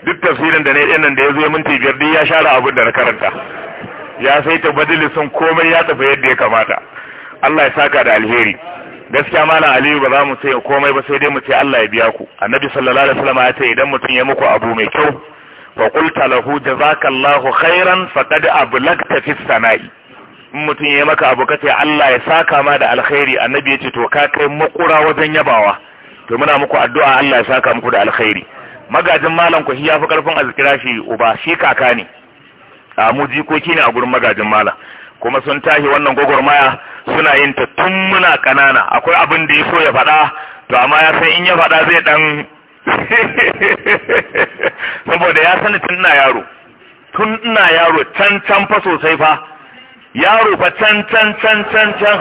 duk tafsirin da ne ɗin nan da ya zo minti biyar duk ya share abin da na karanta ya sai ta badilisin komai ya tafi yadda ya kamata Allah ya saka da alheri gaskiya malam aliyu ba za mu ce komai ba sai dai mu ce Allah ya biya ku annabi sallallahu alaihi wasallam ya ce idan mutum ya muku abu mai kyau fa qulta lahu jazakallahu khairan faqad ablagta fi sana'i in mutum ya maka abu kace Allah ya saka ma da alkhairi annabi ya ce to ka kai makura wajen yabawa to muna muku addu'a Allah ya saka muku da alkhairi magajin malam ku shi yafi karfin azkira shi uba shi kaka ne a mu jikoki ne a gurin magajin malam kuma sun tashi wannan gwagwarmaya suna yin ta tun muna ƙanana akwai abin da ya so ya faɗa to amma ya san in ya faɗa zai ɗan saboda ya sani tun ina yaro tun ina yaro can can fa sosai fa yaro fa can can can can can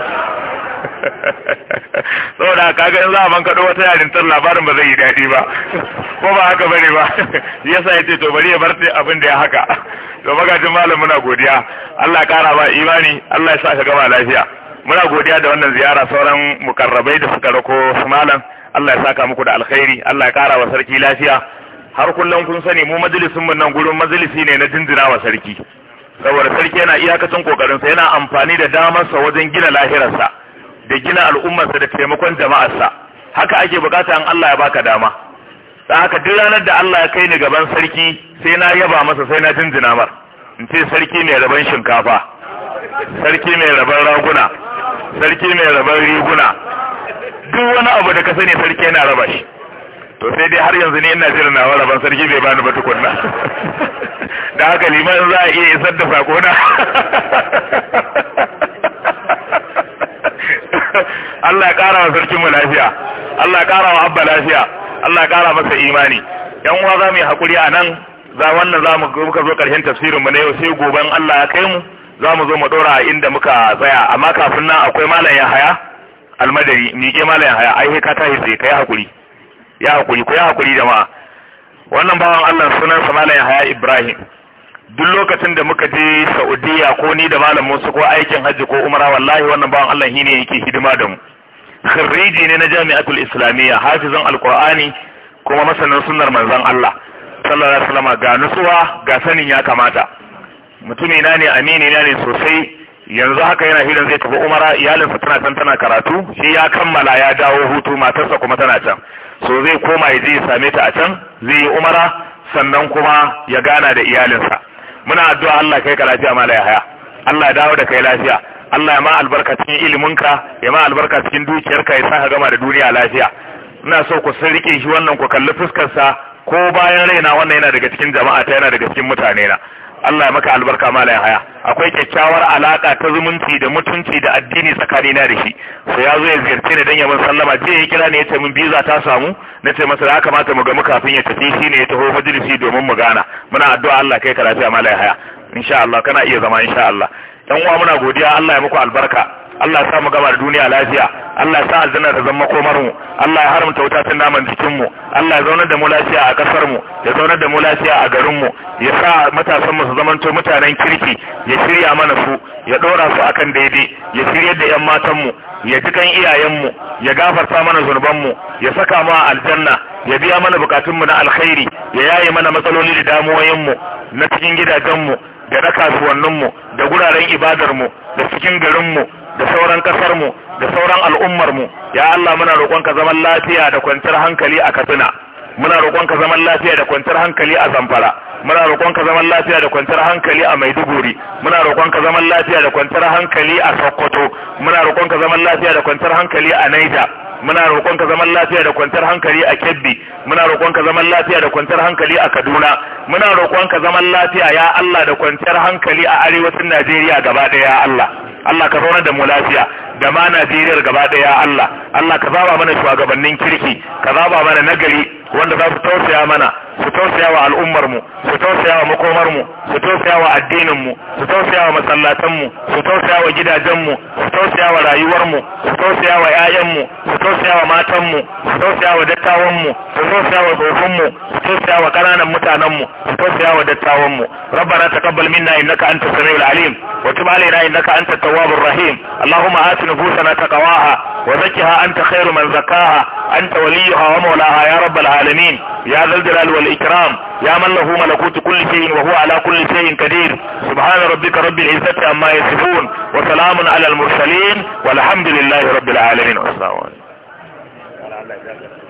saboda kaga in za a man kaɗo wata yarintar labarin ba zai yi daɗi ba ko ba haka bane ba ya sa ya ce to bari ya bar abin da ya haka to magajin malam muna godiya Allah kara ba imani Allah ya sa ka gama lafiya muna godiya da wannan ziyara sauran mukarrabai da suka rako malam Allah ya saka muku da alkhairi Allah ya kara wa sarki lafiya har kullum kun sani mu majalisin mu nan gurin majalisi ne na jinjira wa sarki saboda sarki yana iyakacin kokarin yana amfani da damarsa wajen gina lahirarsa da gina al'ummarsa da taimakon jama'arsa haka ake bukata in Allah ya baka dama da haka duk ranar da Allah ya kai ni gaban sarki sai na yaba masa sai na jinjina mar in ce sarki mai raban shinkafa sarki mai raban raguna sarki mai raban riguna duk wani abu da ka sani sarki yana raba shi to sai dai har yanzu ne ina na nawa rabon sarki bai bani ba tukunna da haka liman za a iya isar da sakona. Allah ya kara wa sarkin mu lafiya Allah ya kara wa abba lafiya Allah ya kara masa imani yan uwa za mu yi hakuri a nan za wannan za mu muka zo karshen tafsirin mu na yau sai goben Allah ya kai mu za mu zo mu dora inda muka tsaya amma kafin nan akwai malam ya haya almadari miƙe malam ya haya ai ka tashi sai kai hakuri ya hakuri ku ya hakuri jama'a wannan bawan Allah sunan sa malam ya haya Ibrahim duk lokacin da muka je Saudiya ko ni da malam Musa ko aikin hajji ko umara wallahi wannan bawan Allah shi ne yake hidima da mu khariji ne na jami'atul islamiyya hafizan alqur'ani kuma masanin sunnar manzon Allah sallallahu alaihi wasallam ga nutsuwa ga sanin ya kamata mutumi na ne amini na ne sosai yanzu haka yana hidan zai tafi umara iyalinsa tana can tana karatu shi ya kammala ya dawo hutu matarsa kuma tana can so zai koma ya je ya same ta a can zai yi umara sannan kuma ya gana da iyalinsa muna addu'a Allah kai ka lafiya mala ya haya Allah ya dawo da kai lafiya Allah ya ma albarka cikin iliminka ya ma albarka cikin dukiyarka ya sa ka gama da duniya lafiya ina so ku san rike shi wannan ku kalli fuskar sa ko bayan raina wannan yana daga cikin jama'a ta yana daga cikin mutane na Allah ya maka albarka mala haya akwai kyakkyawar alaka ta zumunci da mutunci da addini tsakani na da shi sai ya zo ya ziyarci ni dan ya sallama je ya kira ne ya ce min biza ta samu na ce masa ya kamata mu ga mu kafin ya tafi shine ya taho majalisi domin mu gana muna addu'a Allah kai ka lafiya malayan haya insha Allah kana iya zama insha Allah dan uwa muna godiya Allah ya muku albarka Allah ya sa mu gama da duniya lafiya Allah ya sa aljanna ta zama komar mu Allah ya haramta wuta ta naman jikin mu Allah ya zaunar da mu lafiya a kasar mu ya zaunar da mu lafiya a garin mu ya sa matasan mu su zamanta mutanen kirki ya shirya mana su ya dora su akan daidai ya shiryar da yan matan mu ya jikan iyayen mu ya gafarta mana zunuban mu ya saka mu aljanna ya biya mana bukatun mu na alkhairi ya yaye mana matsaloli da damuwoyin mu na cikin gidajen mu da na kasuwannin mu da guraren ibadar mu da cikin garin mu da sauran kasar mu da sauran al'ummar mu ya Allah muna roƙonka zaman lafiya da kwanciyar hankali a Katsina muna roƙonka zaman lafiya da kwanciyar hankali a Zamfara muna roƙonka zaman lafiya da kwanciyar hankali a Maiduguri muna roƙonka zaman lafiya da kwanciyar hankali a Sokoto muna roƙonka zaman lafiya da kwanciyar hankali a Niger muna roƙonka zaman lafiya da kwanciyar hankali a Kebbi muna roƙonka zaman lafiya da kwanciyar hankali a Kaduna muna roƙonka zaman lafiya ya Allah da kwanciyar hankali a arewacin Najeriya gaba ɗaya ya Allah Allah ka zauna da mu lafiya da ma Najeriya gaba ɗaya ya Allah Allah ka zaba mana shugabannin kirki ka zaba mana nagari wanda za su tausaya mana su tausaya wa al'ummar mu su tausaya wa makomar mu su tausaya wa addinin mu su tausaya wa masallatan mu su tausaya wa gidajen mu su tausaya wa rayuwar mu su tausaya wa 'ya'yan mu su tausaya wa matan mu su tausaya wa dattawan mu su tausaya wa tsofinmu su tausaya wa ƙananan mutanenmu su tausaya wa dattawanmu rabbana taqabbal minna innaka antas samiul alim wa tub alaina innaka antat tawwabur rahim allahumma ati nufusana taqwaha wa zakkiha anta khairu man zakkaha anta waliyuha wa mawlaha ya rabbal alamin ya dhal jalal wal ikram ya man lahu malakutu kulli shay'in wa huwa ala kulli shay'in qadir subhana rabbika rabbil izzati amma yasifun wa salamun ala al mursalin walhamdulillahi rabbil alamin wassalamu alaikum